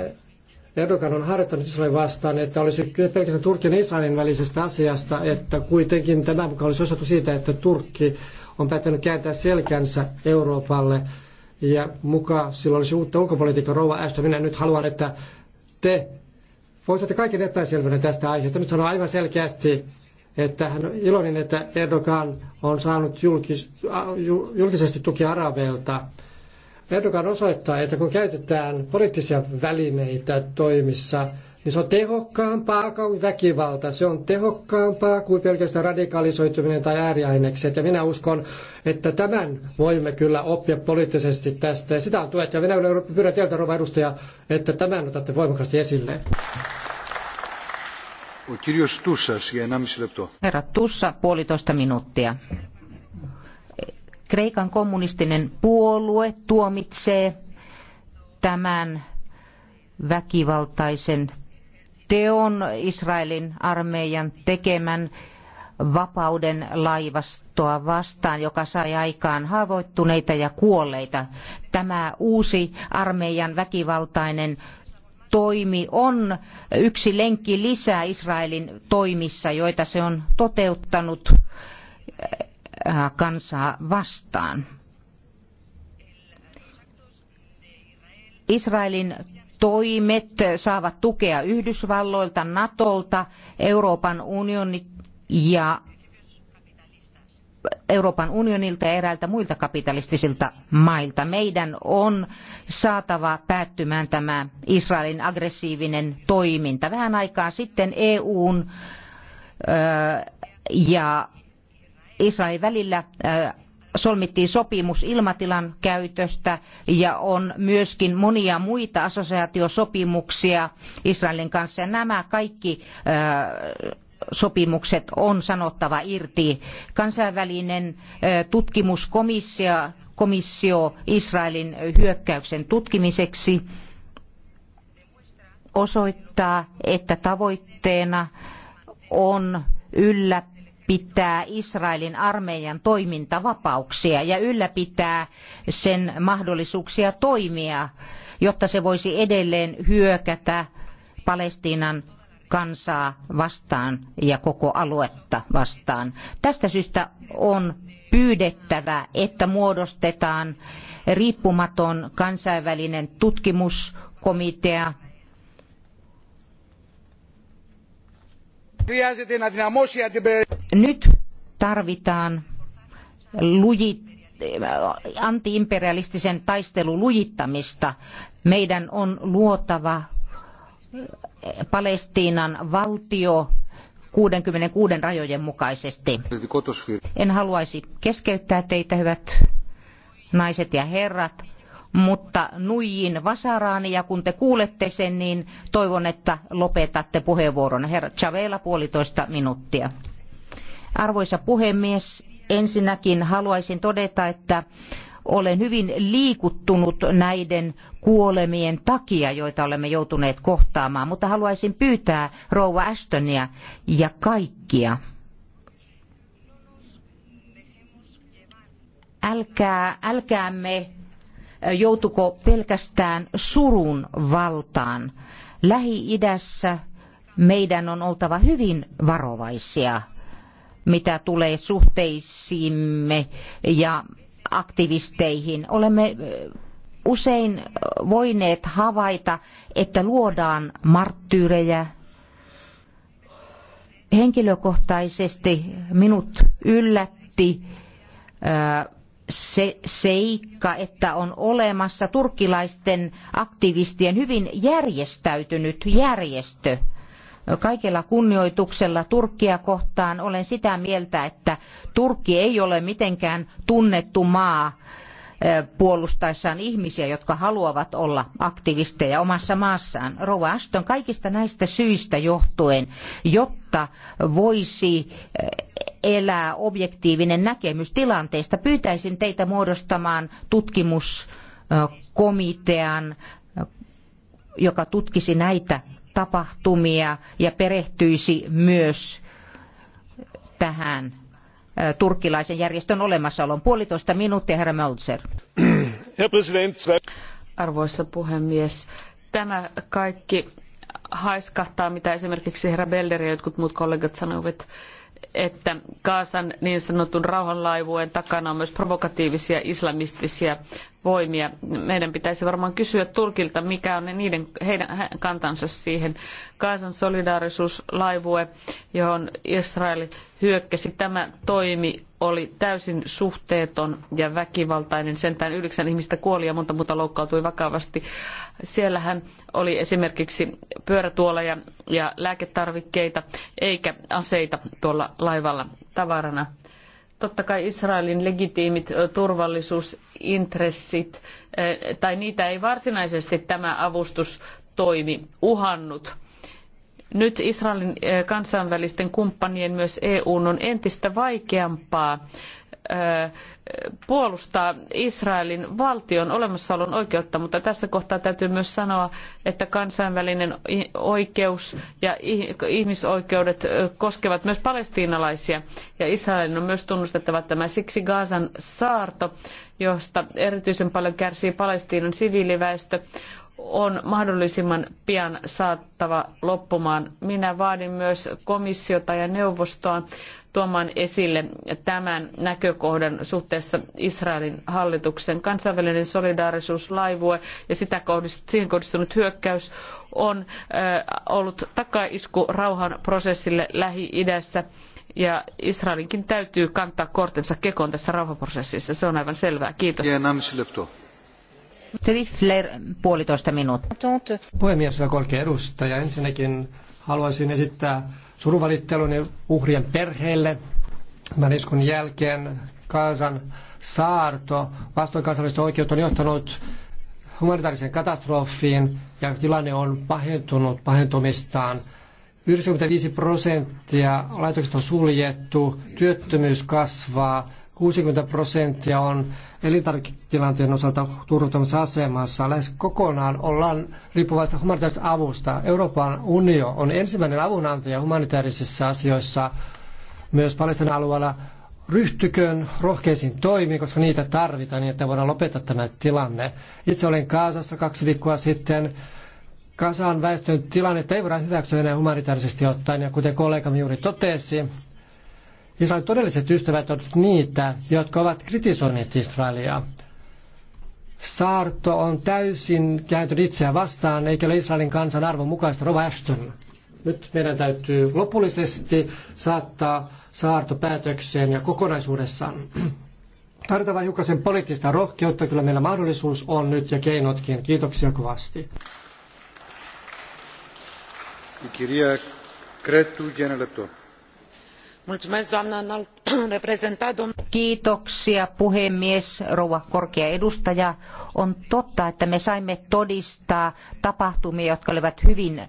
Erdogan on harjoittanut Israelin vastaan, että olisi pelkästään Turkin ja Israelin välisestä asiasta, että kuitenkin tämä mukaan olisi osattu siitä, että Turkki on päättänyt kääntää selkänsä Euroopalle ja mukaan sillä olisi uutta ulkopolitiikkaa. rouva Ashton. Minä nyt haluan, että te voitatte kaiken epäselvänä tästä aiheesta. Nyt sanon aivan selkeästi, että hän on iloinen, että Erdogan on saanut julkis, julkisesti tuki arabeilta. Erdogan osoittaa, että kun käytetään poliittisia välineitä toimissa, niin se on tehokkaampaa kuin väkivalta. Se on tehokkaampaa kuin pelkästään radikalisoituminen tai ääriainekset. Ja minä uskon, että tämän voimme kyllä oppia poliittisesti tästä. Ja sitä on tuettu. Ja minä pyydän teiltä, rouva edustaja, että tämän otatte voimakkaasti esille. Herra Tussa, puolitoista minuuttia. Kreikan kommunistinen puolue tuomitsee tämän väkivaltaisen teon Israelin armeijan tekemän vapauden laivastoa vastaan, joka sai aikaan haavoittuneita ja kuolleita. Tämä uusi armeijan väkivaltainen toimi on yksi lenkki lisää Israelin toimissa, joita se on toteuttanut äh, kansaa vastaan. Israelin toimet saavat tukea Yhdysvalloilta, Natolta, Euroopan unionin ja Euroopan unionilta ja eräiltä muilta kapitalistisilta mailta. Meidän on saatava päättymään tämä Israelin aggressiivinen toiminta. Vähän aikaa sitten EUn ja Israelin välillä solmittiin sopimus ilmatilan käytöstä ja on myöskin monia muita assosiaatiosopimuksia Israelin kanssa. Ja nämä kaikki sopimukset on sanottava irti. Kansainvälinen tutkimuskomissio komissio Israelin hyökkäyksen tutkimiseksi osoittaa, että tavoitteena on ylläpitää Israelin armeijan toimintavapauksia ja ylläpitää sen mahdollisuuksia toimia, jotta se voisi edelleen hyökätä Palestiinan kansaa vastaan ja koko aluetta vastaan. Tästä syystä on pyydettävä, että muodostetaan riippumaton kansainvälinen tutkimuskomitea. Nyt tarvitaan lujit, antiimperialistisen taistelun lujittamista. Meidän on luotava Palestiinan valtio 66 rajojen mukaisesti. En haluaisi keskeyttää teitä, hyvät naiset ja herrat, mutta nuijin vasaraani ja kun te kuulette sen, niin toivon, että lopetatte puheenvuoron. Herra Chavela, puolitoista minuuttia. Arvoisa puhemies, ensinnäkin haluaisin todeta, että olen hyvin liikuttunut näiden kuolemien takia, joita olemme joutuneet kohtaamaan, mutta haluaisin pyytää rouva Ashtonia ja kaikkia. Älkää, älkäämme joutuko pelkästään surun valtaan. Lähi-idässä meidän on oltava hyvin varovaisia, mitä tulee suhteisiimme ja aktivisteihin. Olemme usein voineet havaita, että luodaan marttyyrejä. Henkilökohtaisesti minut yllätti se seikka, että on olemassa turkkilaisten aktivistien hyvin järjestäytynyt järjestö – Kaikella kunnioituksella Turkkia kohtaan olen sitä mieltä, että Turkki ei ole mitenkään tunnettu maa eh, puolustaessaan ihmisiä, jotka haluavat olla aktivisteja omassa maassaan. Rouva kaikista näistä syistä johtuen, jotta voisi eh, elää objektiivinen näkemys tilanteesta, pyytäisin teitä muodostamaan tutkimuskomitean, eh, joka tutkisi näitä tapahtumia ja perehtyisi myös tähän turkkilaisen järjestön olemassaolon. Puolitoista minuuttia, herra Mölzer. Arvoisa puhemies, tämä kaikki haiskahtaa, mitä esimerkiksi herra Belder ja jotkut muut kollegat sanoivat, että Kaasan niin sanotun rauhanlaivueen takana on myös provokatiivisia islamistisia voimia. Meidän pitäisi varmaan kysyä Turkilta, mikä on niiden, heidän kantansa siihen. Kaasan solidaarisuuslaivue, johon Israel hyökkäsi, tämä toimi oli täysin suhteeton ja väkivaltainen. Sentään yhdeksän ihmistä kuoli ja monta muuta loukkautui vakavasti. Siellähän oli esimerkiksi pyörätuoleja ja lääketarvikkeita eikä aseita tuolla laivalla tavarana totta kai Israelin legitiimit turvallisuusintressit, tai niitä ei varsinaisesti tämä avustustoimi uhannut. Nyt Israelin kansainvälisten kumppanien myös EUn on entistä vaikeampaa puolustaa Israelin valtion olemassaolon oikeutta, mutta tässä kohtaa täytyy myös sanoa, että kansainvälinen oikeus ja ihmisoikeudet koskevat myös palestiinalaisia ja Israelin on myös tunnustettava tämä siksi Gaasan saarto, josta erityisen paljon kärsii Palestiinan siviiliväestö on mahdollisimman pian saattava loppumaan. Minä vaadin myös komissiota ja neuvostoa tuomaan esille tämän näkökohdan suhteessa Israelin hallituksen. Kansainvälinen solidaarisuus laivue ja sitä kohdist, siihen kohdistunut hyökkäys on äh, ollut takaisku rauhan prosessille Lähi-idässä ja Israelinkin täytyy kantaa kortensa kekoon tässä rauhanprosessissa. Se on aivan selvää. Kiitos. Trifler, puolitoista minuuttia. Puhemies, hyvä korkea edustaja. Ensinnäkin haluaisin esittää suruvalittelun uhrien perheelle. Tämän iskun jälkeen Kaasan saarto vastoin kansainvälistä oikeutta on johtanut humanitaariseen katastrofiin ja tilanne on pahentunut pahentumistaan. 95 prosenttia laitoksista on suljettu, työttömyys kasvaa, 60 prosenttia on elintarviketilanteen osalta turvattomassa asemassa. Lähes kokonaan ollaan riippuvaisia humanitaarisesta avusta. Euroopan unio on ensimmäinen avunantaja humanitaarisissa asioissa myös Palestinan alueella. Ryhtyköön rohkeisiin toimiin, koska niitä tarvitaan niin, että voidaan lopettaa tämä tilanne. Itse olin Kaasassa kaksi viikkoa sitten. Kasan väestön tilannetta ei voida hyväksyä enää humanitaarisesti ottaen, ja kuten kollegamme juuri totesi, Israelin todelliset ystävät ovat niitä, jotka ovat kritisoineet Israelia. Saarto on täysin kääntynyt itseään vastaan, eikä ole Israelin kansan arvon mukaista Rova Ashton. Nyt meidän täytyy lopullisesti saattaa saarto päätökseen ja kokonaisuudessaan. Tarvitaan vain hiukkasen poliittista rohkeutta, kyllä meillä mahdollisuus on nyt ja keinotkin. Kiitoksia kovasti. Kirja Kretu, Kiitoksia puhemies, rouva korkea edustaja. On totta, että me saimme todistaa tapahtumia, jotka olivat hyvin äh,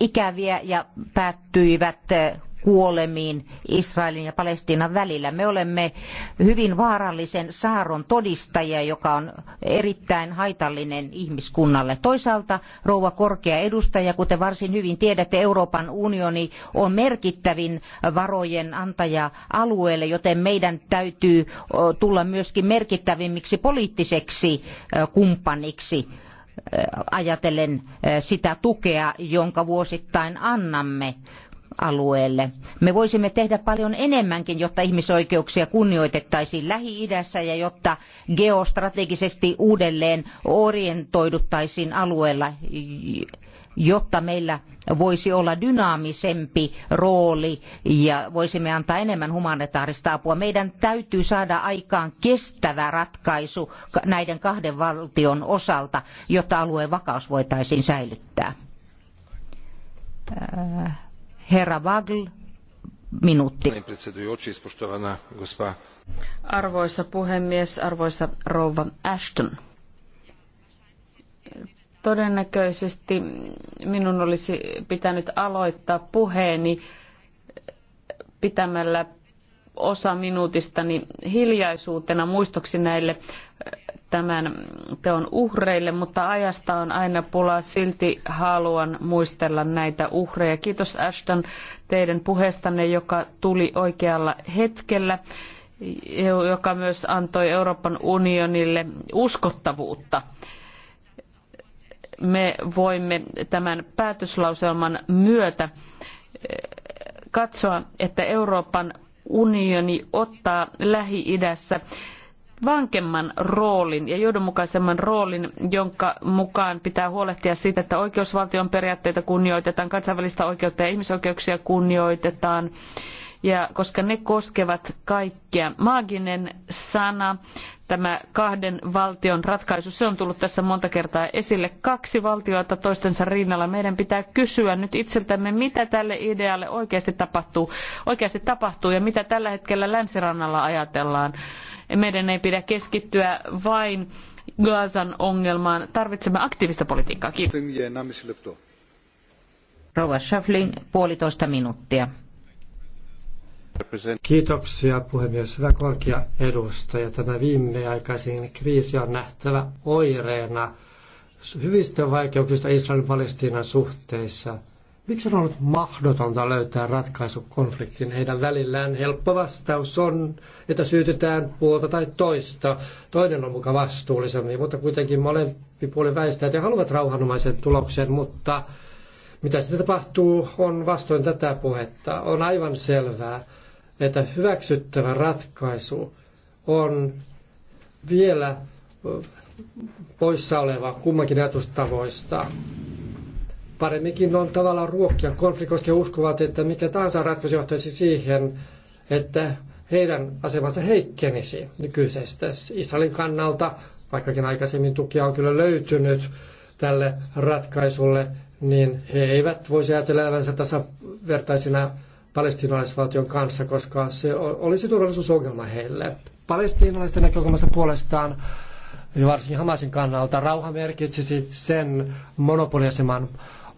ikäviä ja päättyivät äh, kuolemiin Israelin ja Palestiinan välillä. Me olemme hyvin vaarallisen saaron todistajia, joka on erittäin haitallinen ihmiskunnalle. Toisaalta rouva korkea edustaja, kuten varsin hyvin tiedätte, Euroopan unioni on merkittävin varojen antaja alueelle, joten meidän täytyy tulla myöskin merkittävimmiksi poliittiseksi kumppaniksi ajatellen sitä tukea, jonka vuosittain annamme alueelle. Me voisimme tehdä paljon enemmänkin, jotta ihmisoikeuksia kunnioitettaisiin Lähi-idässä ja jotta geostrategisesti uudelleen orientoiduttaisiin alueella, jotta meillä voisi olla dynaamisempi rooli ja voisimme antaa enemmän humanitaarista apua. Meidän täytyy saada aikaan kestävä ratkaisu näiden kahden valtion osalta, jotta alueen vakaus voitaisiin säilyttää. Äh Herra Vagl, minuutti. Arvoisa puhemies, arvoisa rouva Ashton. Todennäköisesti minun olisi pitänyt aloittaa puheeni pitämällä osa minuutistani hiljaisuutena muistoksi näille tämän teon uhreille, mutta ajasta on aina pulaa. Silti haluan muistella näitä uhreja. Kiitos Ashton teidän puheestanne, joka tuli oikealla hetkellä, joka myös antoi Euroopan unionille uskottavuutta me voimme tämän päätöslauselman myötä katsoa, että Euroopan unioni ottaa Lähi-idässä vankemman roolin ja johdonmukaisemman roolin, jonka mukaan pitää huolehtia siitä, että oikeusvaltion periaatteita kunnioitetaan, kansainvälistä oikeutta ja ihmisoikeuksia kunnioitetaan ja koska ne koskevat kaikkia. Maaginen sana, tämä kahden valtion ratkaisu, se on tullut tässä monta kertaa esille. Kaksi valtiota toistensa rinnalla. Meidän pitää kysyä nyt itseltämme, mitä tälle idealle oikeasti tapahtuu, oikeasti tapahtuu ja mitä tällä hetkellä länsirannalla ajatellaan. Meidän ei pidä keskittyä vain Gazan ongelmaan. Tarvitsemme aktiivista politiikkaa. Kiitos. Rouva puolitoista minuuttia. Kiitoksia puhemies. Hyvä korkea edustaja. Tämä viimeaikaisin kriisi on nähtävä oireena hyvistä vaikeuksista Israelin Palestiinan suhteissa. Miksi on ollut mahdotonta löytää ratkaisu konfliktin heidän välillään? Helppo vastaus on, että syytetään puolta tai toista. Toinen on muka vastuullisempi, mutta kuitenkin molempi puoli väistää, että haluavat rauhanomaisen tuloksen, mutta mitä sitten tapahtuu, on vastoin tätä puhetta. On aivan selvää, että hyväksyttävä ratkaisu on vielä poissa oleva kummankin ajatustavoista. Paremminkin on tavallaan ruokkia konflikti, uskovat, että mikä tahansa ratkaisu johtaisi siihen, että heidän asemansa heikkenisi nykyisestä. Israelin kannalta, vaikkakin aikaisemmin tukia on kyllä löytynyt tälle ratkaisulle, niin he eivät voisi ajatella elämänsä tasavertaisina palestiinalaisvaltion kanssa, koska se olisi turvallisuusongelma heille. Palestiinalaisten näkökulmasta puolestaan ja varsinkin Hamasin kannalta rauha merkitsisi sen monopoliaseman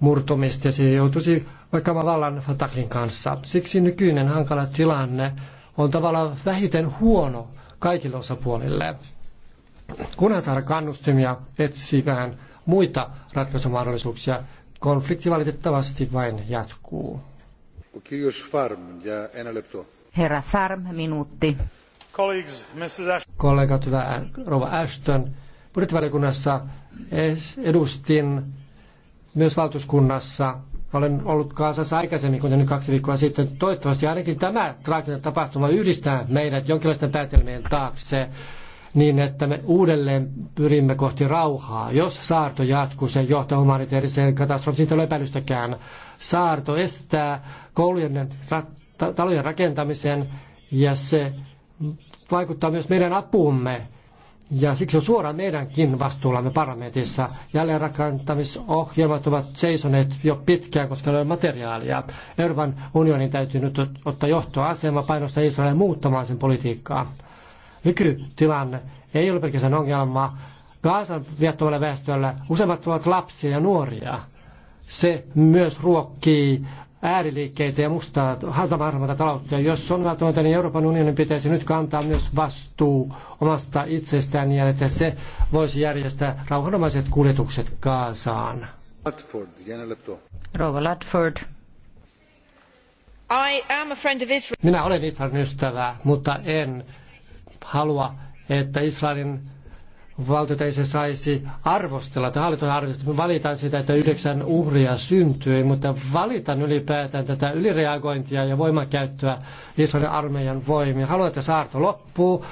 murtumista ja se joutuisi vaikka vallan Fatahin kanssa. Siksi nykyinen hankala tilanne on tavallaan vähiten huono kaikille osapuolille. Kunhan saada kannustimia etsimään muita ratkaisumahdollisuuksia, konflikti valitettavasti vain jatkuu. Herra Farm, minuutti. Kollegat, hyvä rouva Ashton. Budjettivaliokunnassa edustin myös valtuuskunnassa. Olen ollut Kaasassa aikaisemmin, kuten nyt kaksi viikkoa sitten. Toivottavasti ainakin tämä traaginen tapahtuma yhdistää meidät jonkinlaisten päätelmien taakse niin että me uudelleen pyrimme kohti rauhaa. Jos saarto jatkuu, se johtaa humanitaariseen katastrofiin, siitä ei ole epäilystäkään. Saarto estää koulujen talojen rakentamisen ja se vaikuttaa myös meidän apuumme. Ja siksi on suoraan meidänkin vastuullamme parlamentissa. Jälleenrakentamisohjelmat ovat seisoneet jo pitkään, koska ne ole materiaalia. Euroopan unionin täytyy nyt ottaa johtoasema painostaa Israelin muuttamaan sen politiikkaa. Nykytilanne ei ole pelkästään ongelma Gaasan viettävällä väestöllä. Useimmat ovat lapsia ja nuoria. Se myös ruokkii ääriliikkeitä ja mustaa haltamarhamata taloutta. Jos on välttämätöntä, niin Euroopan unionin pitäisi nyt kantaa myös vastuu omasta itsestään ja niin, että se voisi järjestää rauhanomaiset kuljetukset Gaasaan. Latford, Rouva Latford. I am a friend of Israel. Minä olen Israelin ystävä, mutta en halua, että Israelin valtiota ei se saisi arvostella, että hallitus arvostella. Me valitaan sitä, että yhdeksän uhria syntyi, mutta valitan ylipäätään tätä ylireagointia ja voimankäyttöä Israelin armeijan voimia. Haluan, että saarto loppuu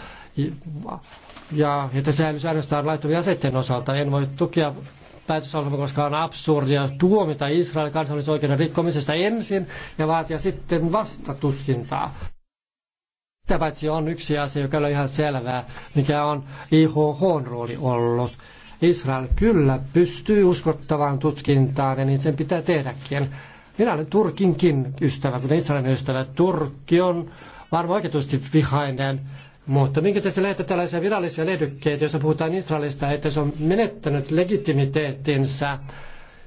ja että säilys ainoastaan laittomien aseiden osalta. En voi tukea päätösalvoma, koska on absurdia tuomita Israelin kansallisoikeuden rikkomisesta ensin ja vaatia sitten vastatutkintaa. Sitä paitsi on yksi asia, joka on ihan selvää, mikä on IHHn rooli ollut. Israel kyllä pystyy uskottavaan tutkintaan ja niin sen pitää tehdäkin. Minä olen Turkinkin ystävä, kuten Israelin ystävä. Turkki on varmaan oikeutusti vihainen, mutta minkä tässä lähetä tällaisia virallisia lehdykkeitä, joissa puhutaan Israelista, että se on menettänyt legitimiteettinsä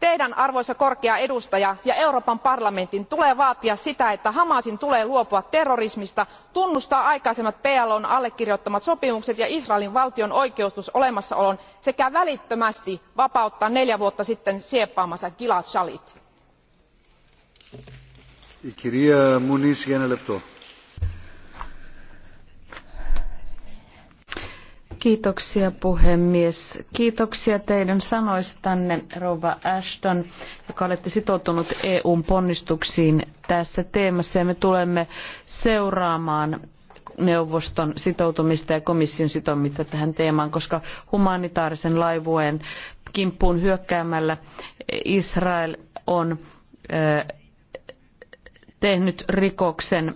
teidän arvoisa korkea edustaja ja euroopan parlamentin tulee vaatia sitä että hamasin tulee luopua terrorismista tunnustaa aikaisemmat plon allekirjoittamat sopimukset ja israelin valtion oikeutus olemassaoloon sekä välittömästi vapauttaa neljä vuotta sitten sieppaamansa gilad shalit. Kiitoksia puhemies. Kiitoksia teidän sanoistanne, rouva Ashton, joka olette sitoutunut EUn ponnistuksiin tässä teemassa. Ja me tulemme seuraamaan neuvoston sitoutumista ja komission sitoumista tähän teemaan, koska humanitaarisen laivueen kimppuun hyökkäämällä Israel on tehnyt rikoksen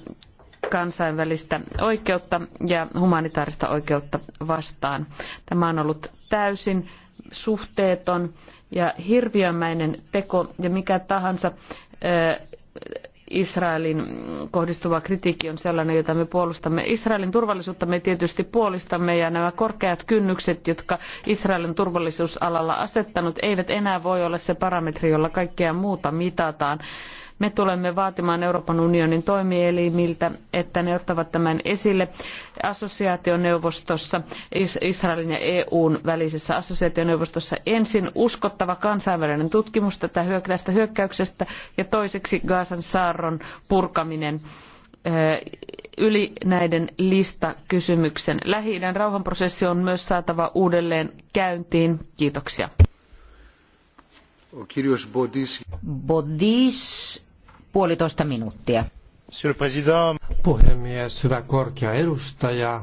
kansainvälistä oikeutta ja humanitaarista oikeutta vastaan. Tämä on ollut täysin suhteeton ja hirviömäinen teko ja mikä tahansa Israelin kohdistuva kritiikki on sellainen, jota me puolustamme. Israelin turvallisuutta me tietysti puolistamme ja nämä korkeat kynnykset, jotka Israelin turvallisuusalalla asettanut, eivät enää voi olla se parametri, jolla kaikkea muuta mitataan. Me tulemme vaatimaan Euroopan unionin toimielimiltä, että ne ottavat tämän esille assosiaationeuvostossa, Israelin ja EUn välisessä assosiaationeuvostossa ensin uskottava kansainvälinen tutkimus tätä tästä hyökkäyksestä ja toiseksi Gaasan saarron purkaminen eh, yli näiden listakysymyksen. Lähi-idän rauhanprosessi on myös saatava uudelleen käyntiin. Kiitoksia. Bodis. Bodis puolitoista minuuttia. Puhemies, hyvä korkea edustaja.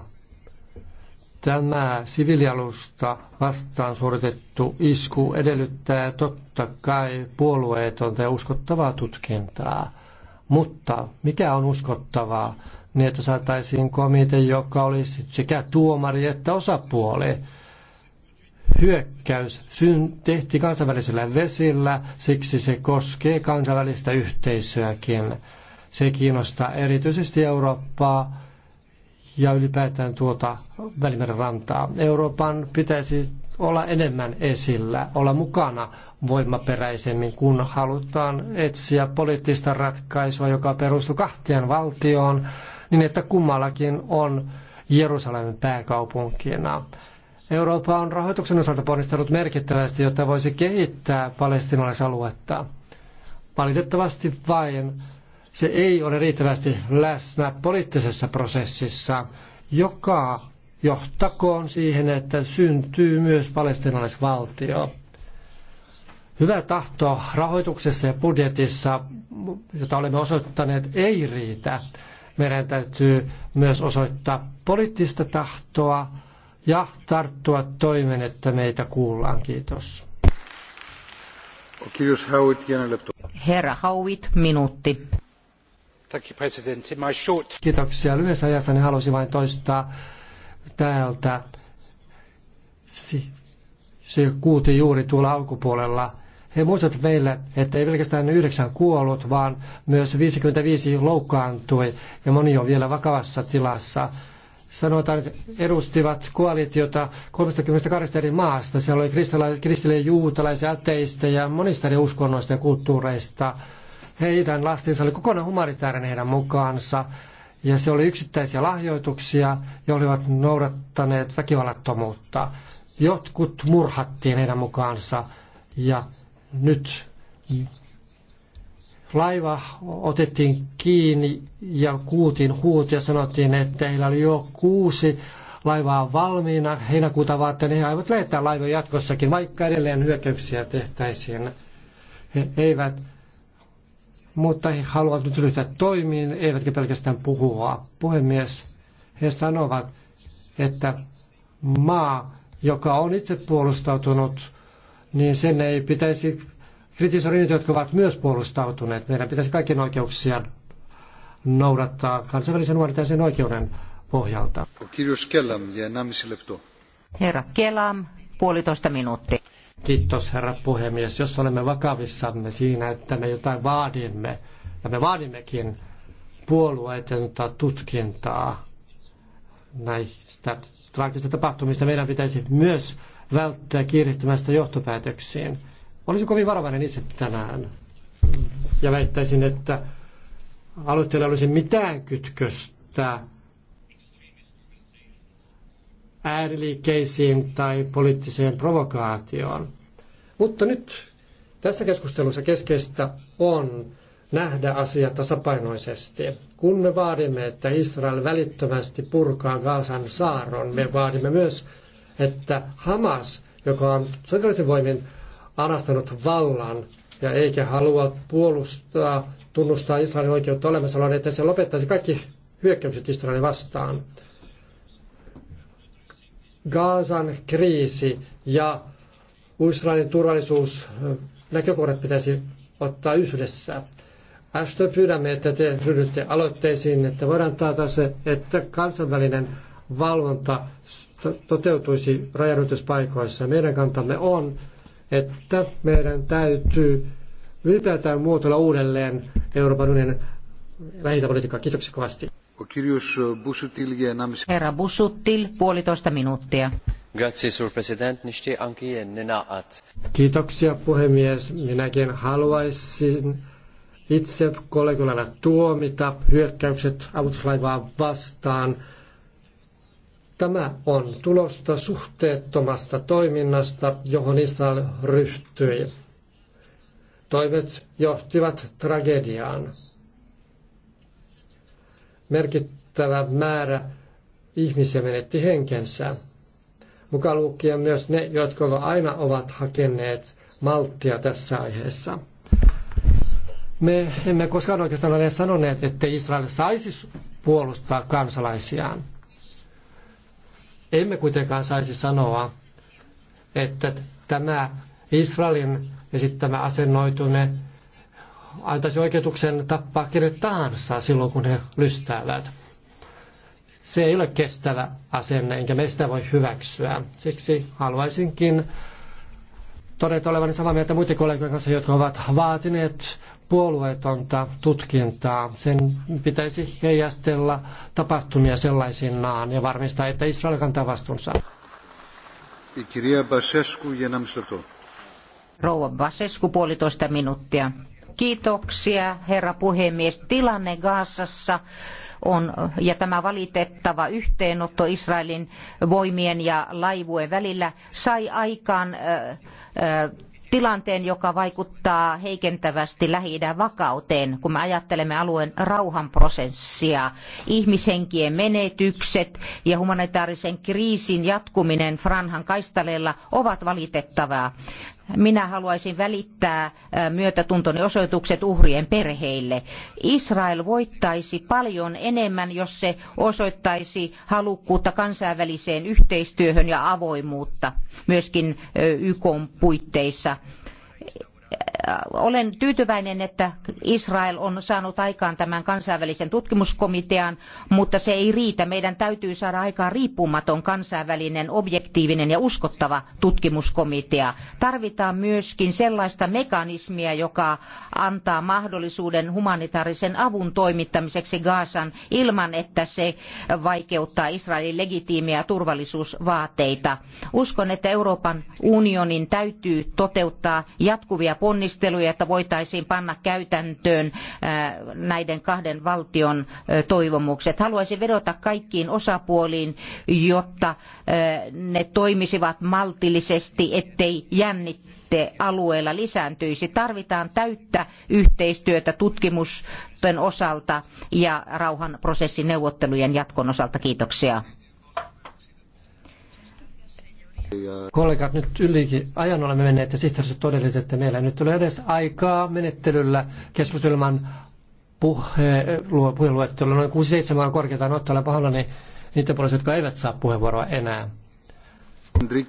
Tämä siviilialusta vastaan suoritettu isku edellyttää totta kai puolueetonta ja uskottavaa tutkintaa. Mutta mikä on uskottavaa? Niin, että saataisiin komite, joka olisi sekä tuomari että osapuoli – hyökkäys tehtiin kansainvälisellä vesillä, siksi se koskee kansainvälistä yhteisöäkin. Se kiinnostaa erityisesti Eurooppaa ja ylipäätään tuota Välimeren rantaa. Euroopan pitäisi olla enemmän esillä, olla mukana voimaperäisemmin, kun halutaan etsiä poliittista ratkaisua, joka perustuu kahtien valtioon, niin että kummallakin on Jerusalemin pääkaupunkina. Eurooppa on rahoituksen osalta ponnistellut merkittävästi, jotta voisi kehittää palestinalaisaluetta. Valitettavasti vain se ei ole riittävästi läsnä poliittisessa prosessissa, joka johtakoon siihen, että syntyy myös palestinalaisvaltio. Hyvä tahto rahoituksessa ja budjetissa, jota olemme osoittaneet, ei riitä. Meidän täytyy myös osoittaa poliittista tahtoa ja tarttua toimen, että meitä kuullaan. Kiitos. Herra Howitt minuutti. Kiitoksia. Lyhyessä ajassani halusin vain toistaa täältä. Se kuuti juuri tuolla alkupuolella. He muistavat meille, että ei pelkästään yhdeksän kuollut, vaan myös 55 loukkaantui ja moni on vielä vakavassa tilassa sanotaan, että edustivat koalitiota 32 eri maasta. Siellä oli kristillisiä juutalaisia, ja monista eri uskonnoista ja kulttuureista. Heidän lastensa oli kokonaan humanitaarinen heidän mukaansa. Ja se oli yksittäisiä lahjoituksia, ja olivat noudattaneet väkivallattomuutta. Jotkut murhattiin heidän mukaansa. Ja nyt laiva otettiin kiinni ja kuutin huut ja sanottiin, että heillä oli jo kuusi laivaa valmiina heinäkuuta varten. He aivot lähettää laivoja jatkossakin, vaikka edelleen hyökkäyksiä tehtäisiin. He eivät, mutta he haluavat nyt ryhtyä toimiin, eivätkä pelkästään puhua. Puhemies, he sanovat, että maa, joka on itse puolustautunut, niin sen ei pitäisi kritisoi niitä, jotka ovat myös puolustautuneet. Meidän pitäisi kaikkien oikeuksia noudattaa kansainvälisen humanitaarisen oikeuden pohjalta. Herra Kelam, puolitoista minuuttia. Kiitos herra puhemies. Jos olemme vakavissamme siinä, että me jotain vaadimme, ja me vaadimmekin puolueetonta tutkintaa näistä traagisista tapahtumista, meidän pitäisi myös välttää kiirehtimästä johtopäätöksiin. Olisin kovin varovainen itse tänään ja väittäisin, että aloitteella olisi mitään kytköstä ääriliikkeisiin tai poliittiseen provokaatioon. Mutta nyt tässä keskustelussa keskeistä on nähdä asia tasapainoisesti. Kun me vaadimme, että Israel välittömästi purkaa Gaasan saaron, me vaadimme myös, että Hamas, joka on sotilaisen voimin anastanut vallan ja eikä halua puolustaa, tunnustaa Israelin oikeutta olemassaoloon, niin että se lopettaisi kaikki hyökkäykset Israelin vastaan. Gaasan kriisi ja Israelin näkökohdat pitäisi ottaa yhdessä. Ashto pyydämme, että te ryhdytte aloitteisiin, että voidaan taata se, että kansainvälinen valvonta toteutuisi rajanylityspaikoissa. Meidän kantamme on, että meidän täytyy ylipäätään muotoilla uudelleen Euroopan unionin lähintäpolitiikkaa. Kiitoksia kovasti. Herra Busuttil, puolitoista minuuttia. Kiitoksia puhemies. Minäkin haluaisin itse kollegoilla tuomita hyökkäykset avustuslaivaa vastaan. Tämä on tulosta suhteettomasta toiminnasta, johon Israel ryhtyi. Toimet johtivat tragediaan. Merkittävä määrä ihmisiä menetti henkensä, mukaan lukien myös ne, jotka aina ovat hakeneet malttia tässä aiheessa. Me emme koskaan oikeastaan ole sanoneet, että Israel saisi puolustaa kansalaisiaan. Emme kuitenkaan saisi sanoa, että tämä Israelin esittämä asennoitune antaisi oikeutuksen tappaa kenet tahansa silloin, kun he lystäävät. Se ei ole kestävä asenne, enkä meistä voi hyväksyä. Siksi haluaisinkin todeta olevani samaa mieltä muiden kollegojen kanssa, jotka ovat vaatineet puolueetonta tutkintaa. Sen pitäisi heijastella tapahtumia sellaisinaan ja varmistaa, että Israel kantaa vastuunsa. Kirja Rouva Basescu, puolitoista minuuttia. Kiitoksia, herra puhemies. Tilanne Gaasassa on, ja tämä valitettava yhteenotto Israelin voimien ja laivueen välillä sai aikaan äh, äh, tilanteen, joka vaikuttaa heikentävästi lähi vakauteen, kun me ajattelemme alueen rauhanprosessia, ihmishenkien menetykset ja humanitaarisen kriisin jatkuminen Franhan kaistaleella ovat valitettavaa minä haluaisin välittää myötätuntoni osoitukset uhrien perheille. Israel voittaisi paljon enemmän, jos se osoittaisi halukkuutta kansainväliseen yhteistyöhön ja avoimuutta myöskin YK puitteissa olen tyytyväinen, että Israel on saanut aikaan tämän kansainvälisen tutkimuskomitean, mutta se ei riitä. Meidän täytyy saada aikaan riippumaton kansainvälinen, objektiivinen ja uskottava tutkimuskomitea. Tarvitaan myöskin sellaista mekanismia, joka antaa mahdollisuuden humanitaarisen avun toimittamiseksi Gaasan ilman, että se vaikeuttaa Israelin legitiimiä turvallisuusvaateita. Uskon, että Euroopan unionin täytyy toteuttaa jatkuvia ponnistuksia ponnisteluja, että voitaisiin panna käytäntöön näiden kahden valtion toivomukset. Haluaisin vedota kaikkiin osapuoliin, jotta ne toimisivat maltillisesti, ettei jännittää alueella lisääntyisi. Tarvitaan täyttä yhteistyötä tutkimusten osalta ja rauhanprosessin neuvottelujen jatkon osalta. Kiitoksia. Kollegat, nyt ylikin ajan olemme menneet ja sihteerissä todelliset, että meillä nyt tulee edes aikaa menettelyllä keskustelman puheenluettelulla noin 6-7 korkeintaan ottaa niin niitä puolesta, jotka eivät saa puheenvuoroa enää. Minä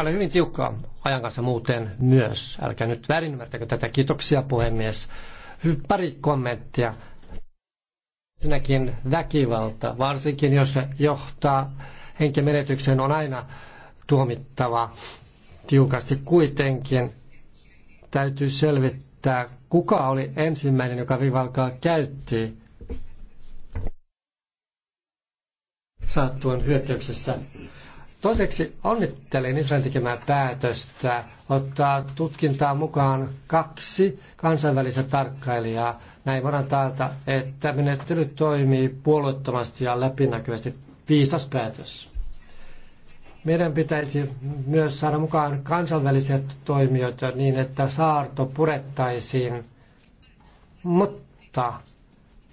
olen hyvin tiukka ajan kanssa muuten myös. Älkää nyt väärin tätä. Kiitoksia puhemies. Pari kommenttia. Ensinnäkin väkivalta, varsinkin jos se johtaa henkimenetykseen, on aina tuomittava tiukasti. Kuitenkin täytyy selvittää, kuka oli ensimmäinen, joka vivalkaa käytti saattuen hyökkäyksessä. Toiseksi onnittelin Israelin tekemää päätöstä ottaa tutkintaan mukaan kaksi kansainvälistä tarkkailijaa näin voidaan taata, että menettely toimii puolueettomasti ja läpinäkyvästi. Viisas päätös. Meidän pitäisi myös saada mukaan kansainväliset toimijoita niin, että saarto purettaisiin. Mutta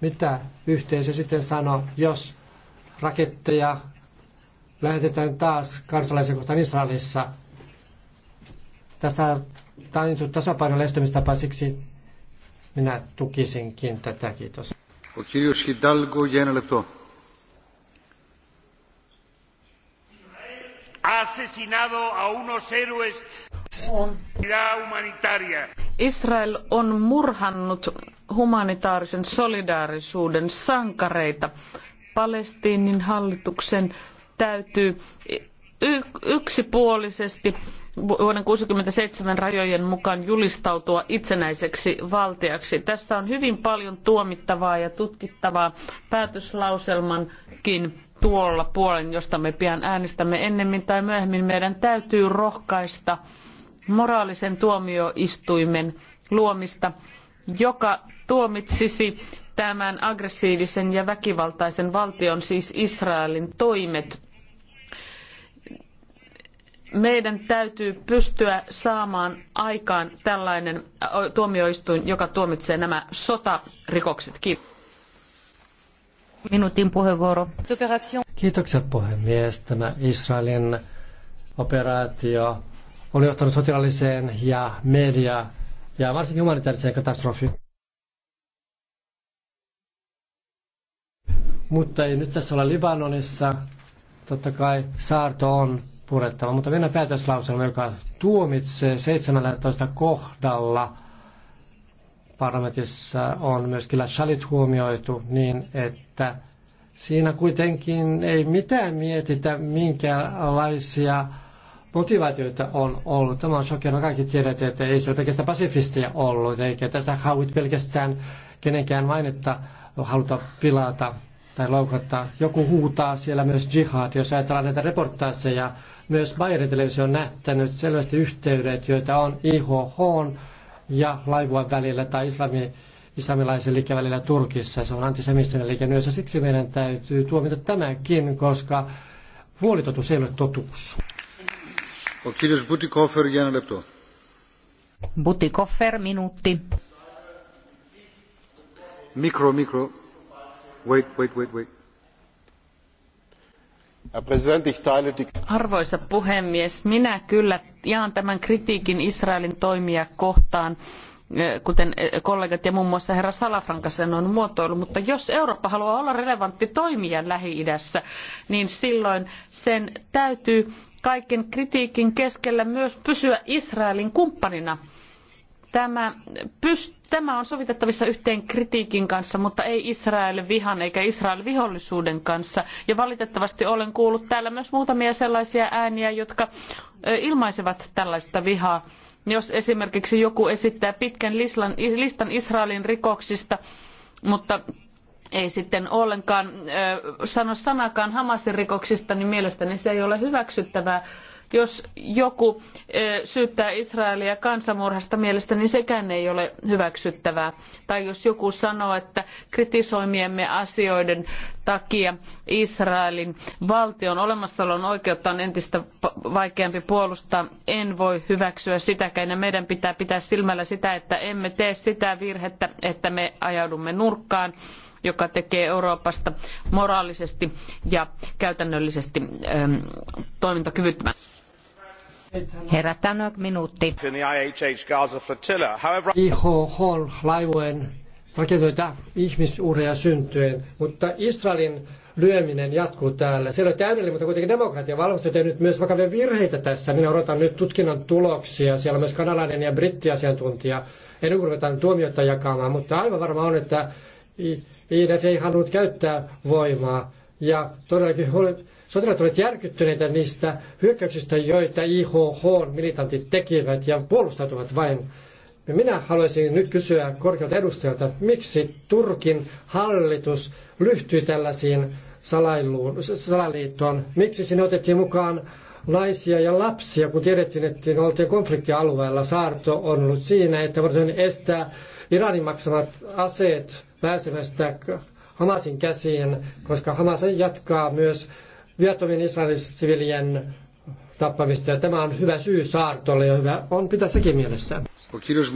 mitä yhteisö sitten sanoo, jos raketteja lähetetään taas kansalaisen kohtaan Israelissa? tästä tämä on tasapainon estämistapa, siksi minä tukisinkin tätä, kiitos. Israel on murhannut humanitaarisen solidaarisuuden sankareita. Palestiinin hallituksen täytyy yksipuolisesti vuoden 1967 rajojen mukaan julistautua itsenäiseksi valtiaksi. Tässä on hyvin paljon tuomittavaa ja tutkittavaa päätöslauselmankin tuolla puolen, josta me pian äänestämme ennemmin tai myöhemmin. Meidän täytyy rohkaista moraalisen tuomioistuimen luomista, joka tuomitsisi tämän aggressiivisen ja väkivaltaisen valtion, siis Israelin toimet meidän täytyy pystyä saamaan aikaan tällainen tuomioistuin, joka tuomitsee nämä sotarikokset. Minuutin puheenvuoro. Kiitokset puhemies. Tämä Israelin operaatio on johtanut sotilaalliseen ja media ja varsinkin humanitaariseen katastrofiin. Mutta ei nyt tässä ole Libanonissa. Totta kai saarto on purettava, mutta meidän päätöslauselma, joka tuomitsee 17 kohdalla parlamentissa on myöskin Shalit huomioitu niin, että siinä kuitenkin ei mitään mietitä, minkälaisia motivaatioita on ollut. Tämä on shokkeena. Kaikki tiedät, että ei se pelkästään pasifistia ollut, eikä tässä hauit pelkästään kenenkään mainetta haluta pilata tai loukata. Joku huutaa siellä myös jihad, jos ajatellaan näitä reportaaseja myös Bayerin televisio on nähtänyt selvästi yhteydet, joita on IHH ja laivuan välillä tai islami, islamilaisen liikkeen välillä Turkissa. Se on antisemistinen liike myös ja siksi meidän täytyy tuomita tämäkin, koska huolitotus ei ole totuus. Kiitos Butikoffer, Μπουτικόφερ lepto. Butikoffer, minuutti. Mikro, mikro. Wait, wait, wait, wait. Arvoisa puhemies, minä kyllä jaan tämän kritiikin Israelin toimia kohtaan, eh, kuten eh, kollegat ja muun muassa herra Salafranka sen on muotoillut, mutta jos Eurooppa haluaa olla relevantti toimija Lähi-idässä, niin silloin sen täytyy kaiken kritiikin keskellä myös pysyä Israelin kumppanina Tämä, pyst- tämä on sovitettavissa yhteen kritiikin kanssa, mutta ei Israel vihan eikä Israel vihollisuuden kanssa. Ja valitettavasti olen kuullut täällä myös muutamia sellaisia ääniä, jotka ilmaisevat tällaista vihaa. Jos esimerkiksi joku esittää pitkän listan Israelin rikoksista, mutta ei sitten ollenkaan sano sanakaan Hamasin rikoksista, niin mielestäni se ei ole hyväksyttävää jos joku syyttää Israelia kansanmurhasta, mielestäni niin sekään ei ole hyväksyttävää. Tai jos joku sanoo, että kritisoimiemme asioiden takia Israelin valtion olemassaolon oikeutta on entistä vaikeampi puolustaa, en voi hyväksyä sitäkään. Ja meidän pitää pitää silmällä sitä, että emme tee sitä virhettä, että me ajaudumme nurkkaan joka tekee Euroopasta moraalisesti ja käytännöllisesti ähm, toimintakyvyttömän. Herra Tanok, minuutti. Iho, hol, laivojen tragedioita ihmisuhreja syntyy, mutta Israelin lyöminen jatkuu täällä. Se ei ole täydellinen, mutta kuitenkin demokratia valmistui on tehnyt myös vakavia virheitä tässä. Minä odotan nyt tutkinnan tuloksia. Siellä on myös kanalainen ja brittiasiantuntija. En ruvetaan tuomiota jakamaan, mutta aivan varma on, että IDF ei halunnut käyttää voimaa. Ja todellakin Sotilaat ovat järkyttyneitä niistä hyökkäyksistä, joita IHH militantit tekivät ja puolustautuvat vain. Ja minä haluaisin nyt kysyä korkealta edustajalta, miksi Turkin hallitus lyhtyi tällaisiin salailuun, salaliittoon? Miksi sinne otettiin mukaan naisia ja lapsia, kun tiedettiin, että oltiin konfliktialueella. Saarto on ollut siinä, että voidaan estää Iranin maksamat aseet pääsemästä Hamasin käsiin, koska Hamas jatkaa myös viattomien Israelin sivilien tappamista. Ja tämä on hyvä syy saartolle ja hyvä on pitää sekin mielessä. O kirjos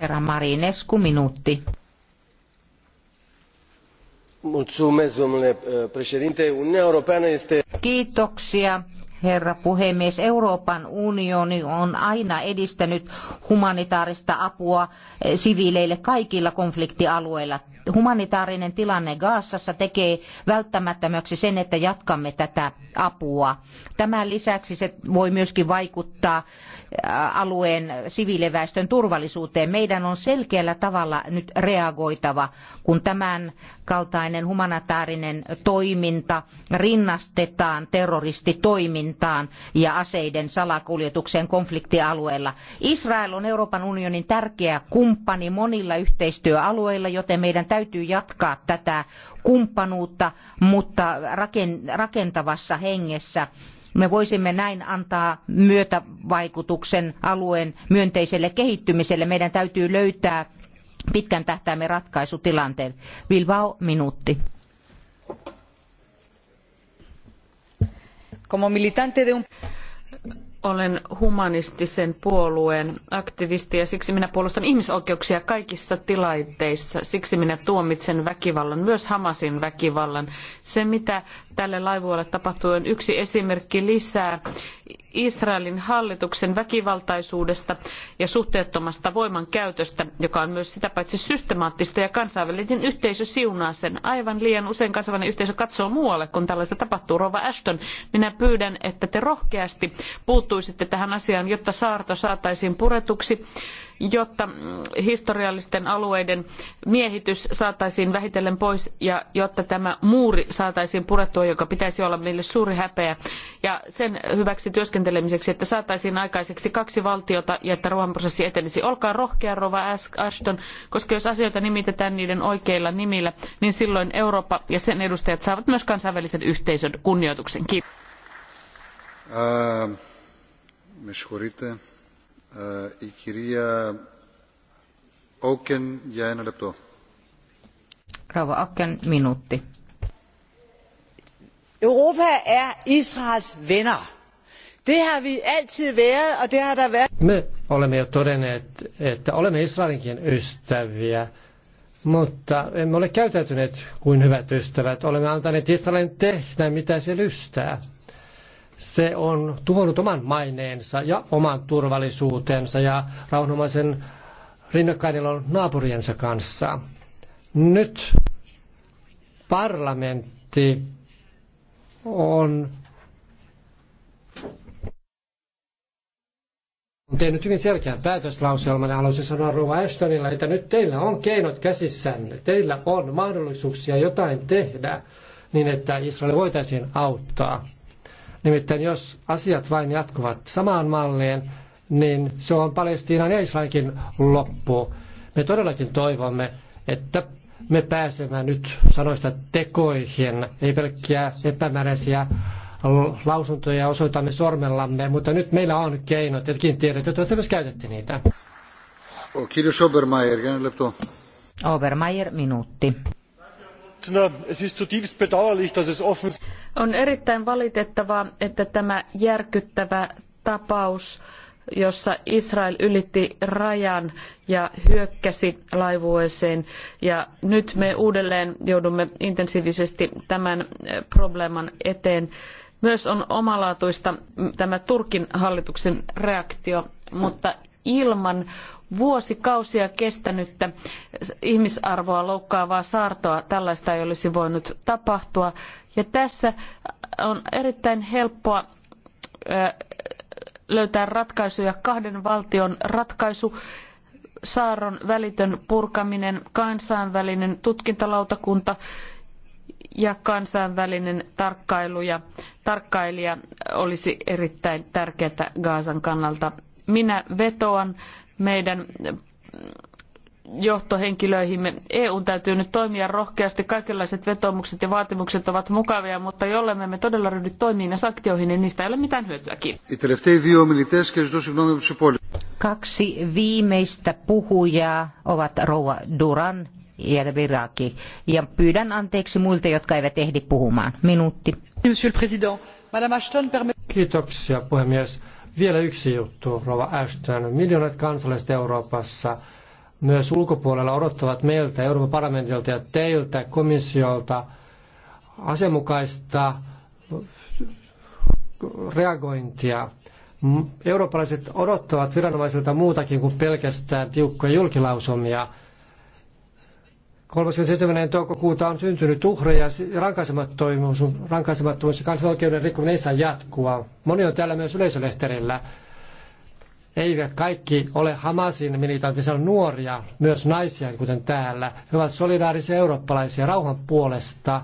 Herra Marinescu, minuutti. Eh, Kiitoksia herra puhemies. Euroopan unioni on aina edistänyt humanitaarista apua eh, siviileille kaikilla konfliktialueilla. Humanitaarinen tilanne Gaasassa tekee välttämättömäksi sen, että jatkamme tätä apua. Tämän lisäksi se voi myöskin vaikuttaa eh, alueen siviiliväestön turvallisuuteen. Meidän on selkeällä tavalla nyt reagoitava, kun tämän kaltainen humanitaarinen toiminta rinnastetaan terroristitoimintaan toimintaan ja aseiden salakuljetukseen konfliktialueella. Israel on Euroopan unionin tärkeä kumppani monilla yhteistyöalueilla, joten meidän täytyy jatkaa tätä kumppanuutta, mutta rakentavassa hengessä. Me voisimme näin antaa myötävaikutuksen alueen myönteiselle kehittymiselle. Meidän täytyy löytää pitkän tähtäimen ratkaisutilanteen. Bilbao, minuutti. como militante de un olen humanistisen puolueen aktivisti ja siksi minä puolustan ihmisoikeuksia kaikissa tilanteissa. Siksi minä tuomitsen väkivallan, myös Hamasin väkivallan. Se, mitä tälle laivualle tapahtuu, on yksi esimerkki lisää Israelin hallituksen väkivaltaisuudesta ja suhteettomasta voimankäytöstä, joka on myös sitä paitsi systemaattista ja kansainvälinen yhteisö siunaa sen. Aivan liian usein kansainvälinen yhteisö katsoo muualle, kun tällaista tapahtuu. Rova Ashton, minä pyydän, että te rohkeasti puuttuisitte puuttuisitte tähän asiaan, jotta saarto saataisiin puretuksi, jotta historiallisten alueiden miehitys saataisiin vähitellen pois ja jotta tämä muuri saataisiin purettua, joka pitäisi olla meille suuri häpeä. Ja sen hyväksi työskentelemiseksi, että saataisiin aikaiseksi kaksi valtiota ja että rauhanprosessi etenisi. Olkaa rohkea, Rova Ashton, koska jos asioita nimitetään niiden oikeilla nimillä, niin silloin Eurooppa ja sen edustajat saavat myös kansainvälisen yhteisön kunnioituksen. Kiitos. Uh συγχωρείτε. Η κυρία Όκεν για ένα λεπτό. Rouva Ocken, minuutti. Europa er Israels venner. Det har vi altid været, og det har der været. Me olemme jo todenneet, että olemme Israelinkin ystäviä, mutta emme ole käytäytyneet kuin hyvät ystävät. Olemme antaneet Israelin tehdä, mitä se lystää se on tuhonnut oman maineensa ja oman turvallisuutensa ja rauhanomaisen rinnakkainelon naapuriensa kanssa. Nyt parlamentti on on tehnyt hyvin selkeän päätöslauselman ja haluaisin sanoa Rova Ashtonilla, että nyt teillä on keinot käsissänne, teillä on mahdollisuuksia jotain tehdä niin, että Israel voitaisiin auttaa. Nimittäin jos asiat vain jatkuvat samaan malliin, niin se on Palestiinan ja Israelin loppu. Me todellakin toivomme, että me pääsemme nyt sanoista tekoihin, ei pelkkiä epämääräisiä lausuntoja osoitamme sormellamme, mutta nyt meillä on keinot, etkin tiedät, toivottavasti myös käytätte niitä. Kirjo Obermeier, Obermeier, minuutti. On erittäin valitettavaa, että tämä järkyttävä tapaus, jossa Israel ylitti rajan ja hyökkäsi laivueeseen. Ja nyt me uudelleen joudumme intensiivisesti tämän eh, probleeman eteen. Myös on omalaatuista tämä Turkin hallituksen reaktio, mutta ilman vuosikausia kestänyttä ihmisarvoa loukkaavaa saartoa. Tällaista ei olisi voinut tapahtua. Ja tässä on erittäin helppoa löytää ratkaisuja. Kahden valtion ratkaisu, saaron välitön purkaminen, kansainvälinen tutkintalautakunta ja kansainvälinen tarkkailu ja tarkkailija olisi erittäin tärkeää Gaasan kannalta minä vetoan meidän johtohenkilöihimme. EUn täytyy nyt toimia rohkeasti. Kaikenlaiset vetoomukset ja vaatimukset ovat mukavia, mutta jollemme me todella ryhdy toimiin ja sanktioihin, niin niistä ei ole mitään hyötyäkin. Kaksi viimeistä puhujaa ovat Rouva Duran ja Viraki. Ja pyydän anteeksi muilta, jotka eivät ehdi puhumaan. Minuutti. Kiitoksia puhemies. Vielä yksi juttu, Rova Ashton. Miljoonat kansalaiset Euroopassa myös ulkopuolella odottavat meiltä, Euroopan parlamentilta ja teiltä, komissiolta, asianmukaista reagointia. Eurooppalaiset odottavat viranomaisilta muutakin kuin pelkästään tiukkoja julkilausumia – 37. toukokuuta on syntynyt uhreja rankaisemattomuus, rankaisemattomuus ja kansanoikeuden rikkominen ei saa jatkua. Moni on täällä myös yleisölehterillä. Eivät kaikki ole Hamasin on nuoria, myös naisia, kuten täällä. He ovat solidaarisia eurooppalaisia rauhan puolesta.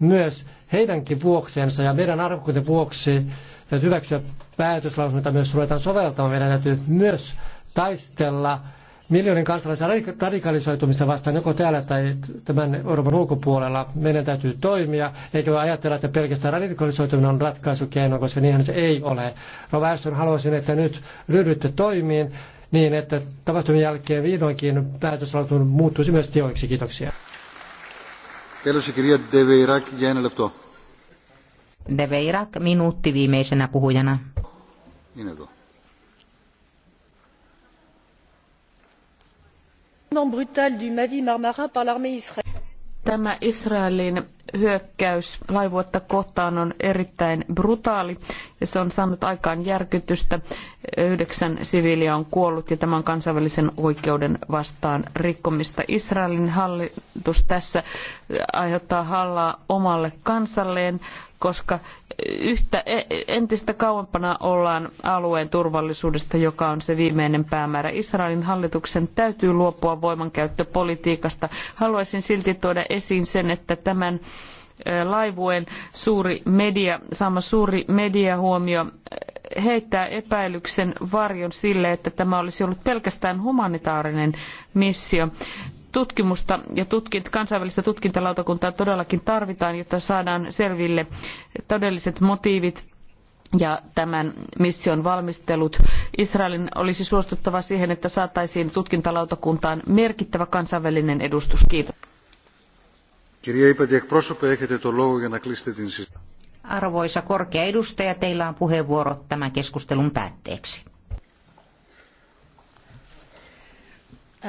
Myös heidänkin vuoksensa ja meidän arvokkuuden vuoksi täytyy hyväksyä päätöslausunta, myös ruvetaan soveltamaan. Meidän täytyy myös taistella miljoonien kansalaisen radikalisoitumista vastaan joko täällä tai tämän Euroopan ulkopuolella. Meidän täytyy toimia, eikä ajatella, että pelkästään radikalisoituminen on ratkaisukeino, koska niinhän se ei ole. Rova Ashton, haluaisin, että nyt ryhdytte toimiin niin, että tapahtumien jälkeen vihdoinkin päätöslautun muuttuisi myös teoiksi. Kiitoksia. Τέλος η κυρία viimeisenä puhujana. Niin, Tämä Israelin hyökkäys laivuetta kohtaan on erittäin brutaali ja se on saanut aikaan järkytystä. Yhdeksän siviiliä on kuollut ja tämän kansainvälisen oikeuden vastaan rikkomista. Israelin hallitus tässä aiheuttaa hallaa omalle kansalleen, koska yhtä, e, entistä kauempana ollaan alueen turvallisuudesta, joka on se viimeinen päämäärä. Israelin hallituksen täytyy luopua voimankäyttöpolitiikasta. Haluaisin silti tuoda esiin sen, että tämän e, laivueen suuri media, saama suuri mediahuomio e, heittää epäilyksen varjon sille, että tämä olisi ollut pelkästään humanitaarinen missio tutkimusta ja tutkint, kansainvälistä tutkintalautakuntaa todellakin tarvitaan, jotta saadaan selville todelliset motiivit ja tämän mission valmistelut. Israelin olisi suostuttava siihen, että saataisiin tutkintalautakuntaan merkittävä kansainvälinen edustus. Kiitos. Arvoisa korkea edustaja, teillä on puheenvuoro tämän keskustelun päätteeksi.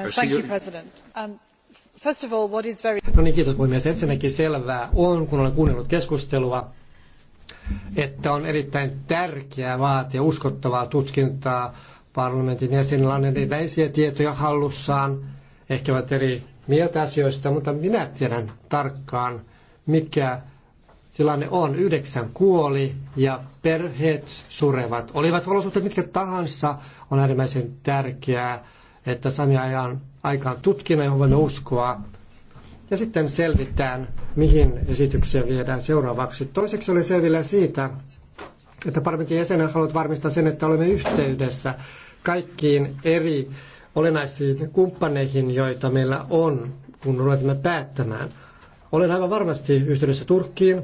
Uh, thank you, President. Um, first of all, what is very... No niin, kiitos puhemies. Ensinnäkin selvää on, kun olen kuunnellut keskustelua, että on erittäin tärkeää vaatia uskottavaa tutkintaa parlamentin jäsenillä on erilaisia tietoja hallussaan, ehkä ovat eri mieltä asioista, mutta minä tiedän tarkkaan, mikä tilanne on. Yhdeksän kuoli ja perheet surevat. Olivat olosuhteet mitkä tahansa, on äärimmäisen tärkeää, että sami ajan aikaan tutkina johon voimme uskoa. Ja sitten selvitään, mihin esitykseen viedään seuraavaksi. Toiseksi oli selvillä siitä, että parlamentin jäsenen haluat varmistaa sen, että olemme yhteydessä kaikkiin eri olennaisiin kumppaneihin, joita meillä on, kun ruvetaan päättämään. Olen aivan varmasti yhteydessä Turkkiin,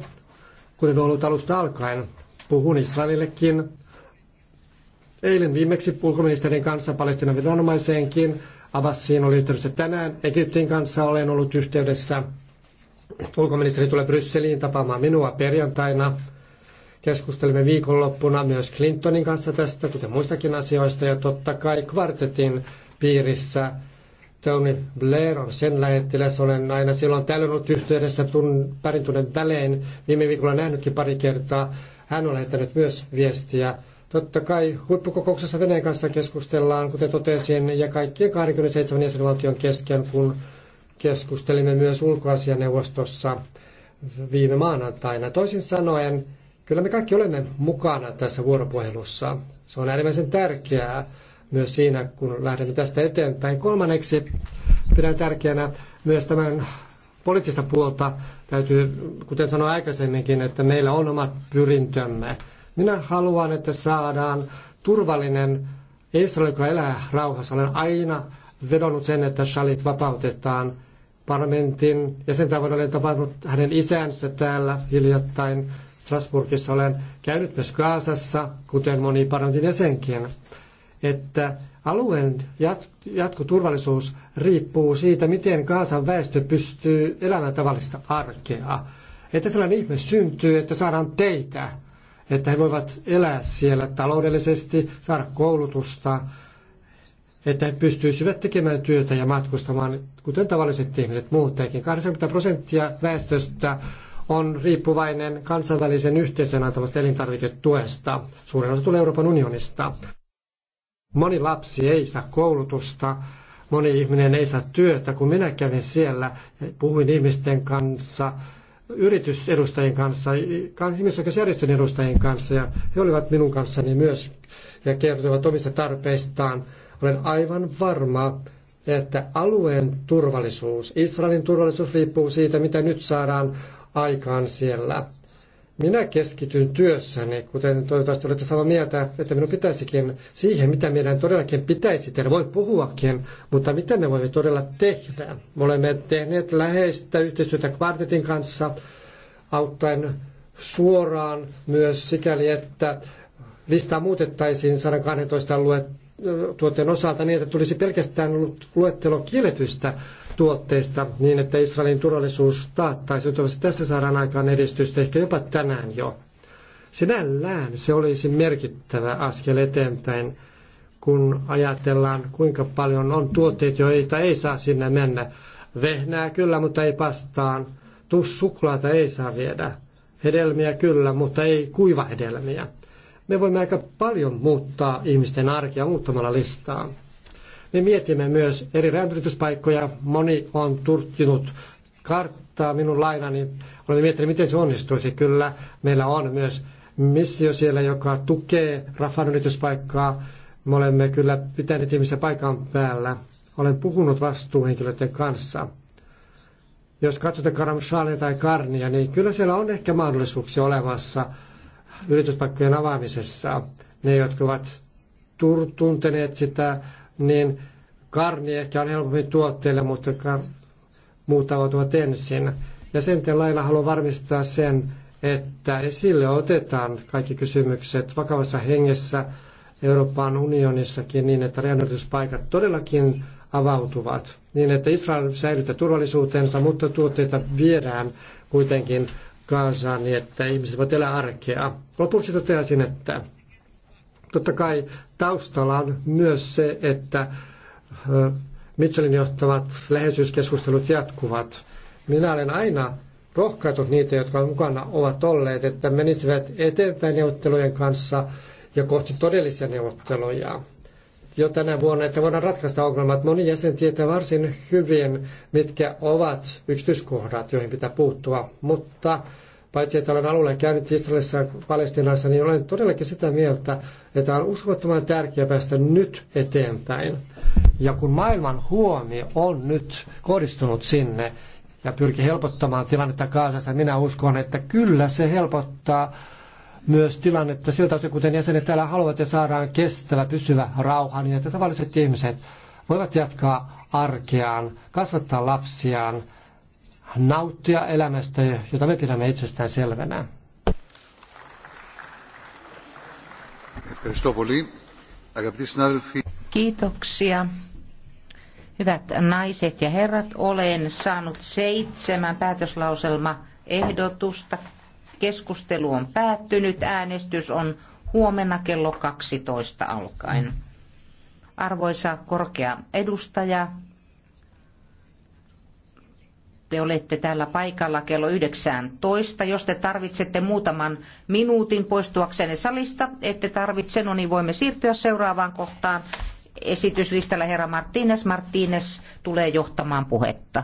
kuten ollut alusta alkaen. Puhun Israelillekin. Eilen viimeksi ulkoministerin kanssa Palestinan viranomaiseenkin Abbasiin oli yhteydessä tänään. Egyptin kanssa olen ollut yhteydessä. Ulkoministeri tulee Brysseliin tapaamaan minua perjantaina. Keskustelimme viikonloppuna myös Clintonin kanssa tästä, kuten muistakin asioista, ja totta kai kvartetin piirissä Tony Blair on sen lähettiläs. Olen aina silloin tällöin ollut yhteydessä tun, parin tunnin välein. Viime viikolla nähnytkin pari kertaa. Hän on lähettänyt myös viestiä Totta kai huippukokouksessa Venäjän kanssa keskustellaan, kuten totesin, ja kaikkien 27 jäsenvaltion kesken, kun keskustelimme myös ulkoasianeuvostossa viime maanantaina. Toisin sanoen, kyllä me kaikki olemme mukana tässä vuoropuhelussa. Se on äärimmäisen tärkeää myös siinä, kun lähdemme tästä eteenpäin. Kolmanneksi pidän tärkeänä myös tämän poliittista puolta. Täytyy, kuten sanoin aikaisemminkin, että meillä on omat pyrintömme – minä haluan, että saadaan turvallinen Israel, joka elää rauhassa. Olen aina vedonnut sen, että Shalit vapautetaan parlamentin jäsentä voin olen tapannut hänen isänsä täällä hiljattain. Strasbourgissa olen käynyt myös Kaasassa, kuten moni parlamentin jäsenkin, että alueen jat- jatkoturvallisuus riippuu siitä, miten Kaasan väestö pystyy elämään tavallista arkea. Että sellainen ihme syntyy, että saadaan teitä, että he voivat elää siellä taloudellisesti, saada koulutusta, että he pystyisivät tekemään työtä ja matkustamaan, kuten tavalliset ihmiset muuttajakin. 80 prosenttia väestöstä on riippuvainen kansainvälisen yhteisön antamasta elintarviketuesta. Suurin osa tulee Euroopan unionista. Moni lapsi ei saa koulutusta, moni ihminen ei saa työtä. Kun minä kävin siellä, puhuin ihmisten kanssa, yritysedustajien kanssa, ihmisoikeusjärjestön edustajien kanssa ja he olivat minun kanssani myös ja kertoivat omista tarpeistaan. Olen aivan varma, että alueen turvallisuus, Israelin turvallisuus riippuu siitä, mitä nyt saadaan aikaan siellä. Minä keskityn työssäni, kuten toivottavasti olette samaa mieltä, että minun pitäisikin siihen, mitä meidän todellakin pitäisi tehdä. Voi puhuakin, mutta mitä me voimme todella tehdä? Me olemme tehneet läheistä yhteistyötä kvartetin kanssa, auttaen suoraan myös sikäli, että listaa muutettaisiin 112 aluetta tuotteen osalta niin, että tulisi pelkästään luettelo kielletyistä tuotteista niin, että Israelin turvallisuus taattaisi. Toivottavasti tässä saadaan aikaan edistystä ehkä jopa tänään jo. Sinällään se olisi merkittävä askel eteenpäin, kun ajatellaan kuinka paljon on tuotteita, joita ei saa sinne mennä. Vehnää kyllä, mutta ei pastaan. Tuus suklaata ei saa viedä. Hedelmiä kyllä, mutta ei hedelmiä. Me voimme aika paljon muuttaa ihmisten arkea muuttamalla listaa. Me mietimme myös eri räjäytyspaikkoja. Moni on turttinut karttaa minun lainani. Olemme miettineet, miten se onnistuisi. Kyllä meillä on myös missio siellä, joka tukee Rafan yrityspaikkaa. Me olemme kyllä pitäneet ihmisiä paikan päällä. Olen puhunut vastuuhenkilöiden kanssa. Jos katsotaan Karamshalia tai Karnia, niin kyllä siellä on ehkä mahdollisuuksia olemassa – yrityspaikkojen avaamisessa. Ne, jotka ovat tunteneet sitä, niin karni ehkä on helpommin tuotteille, mutta muut avautuvat ensin. Ja sen lailla haluan varmistaa sen, että esille otetaan kaikki kysymykset vakavassa hengessä Euroopan unionissakin niin, että rajanylityspaikat todellakin avautuvat niin, että Israel säilyttää turvallisuutensa, mutta tuotteita viedään kuitenkin kansaa niin, että ihmiset voivat elää arkea. Lopuksi toteaisin, että totta kai taustalla on myös se, että Mitchellin johtavat läheisyyskeskustelut jatkuvat. Minä olen aina rohkaisut niitä, jotka mukana ovat olleet, että menisivät eteenpäin neuvottelujen kanssa ja kohti todellisia neuvotteluja jo tänä vuonna, että voidaan ratkaista ongelmat. Moni jäsen tietää varsin hyvin, mitkä ovat yksityiskohdat, joihin pitää puuttua. Mutta paitsi että olen alueella käynyt Israelissa ja Palestinassa, niin olen todellakin sitä mieltä, että on uskomattoman tärkeää päästä nyt eteenpäin. Ja kun maailman huomio on nyt kohdistunut sinne ja pyrki helpottamaan tilannetta Kaasasta, minä uskon, että kyllä se helpottaa myös tilannetta siltä osin, kuten jäsenet täällä haluavat, ja saadaan kestävä, pysyvä rauha, niin että tavalliset ihmiset voivat jatkaa arkeaan, kasvattaa lapsiaan, nauttia elämästä, jota me pidämme itsestään selvänä. Kiitoksia. Hyvät naiset ja herrat, olen saanut seitsemän päätöslauselmaehdotusta Keskustelu on päättynyt. Äänestys on huomenna kello 12 alkaen. Arvoisa korkea edustaja, te olette täällä paikalla kello 19. Jos te tarvitsette muutaman minuutin poistuaksenne salista, ette tarvitse, no niin voimme siirtyä seuraavaan kohtaan. Esityslistalla herra Martínez. Martínez tulee johtamaan puhetta.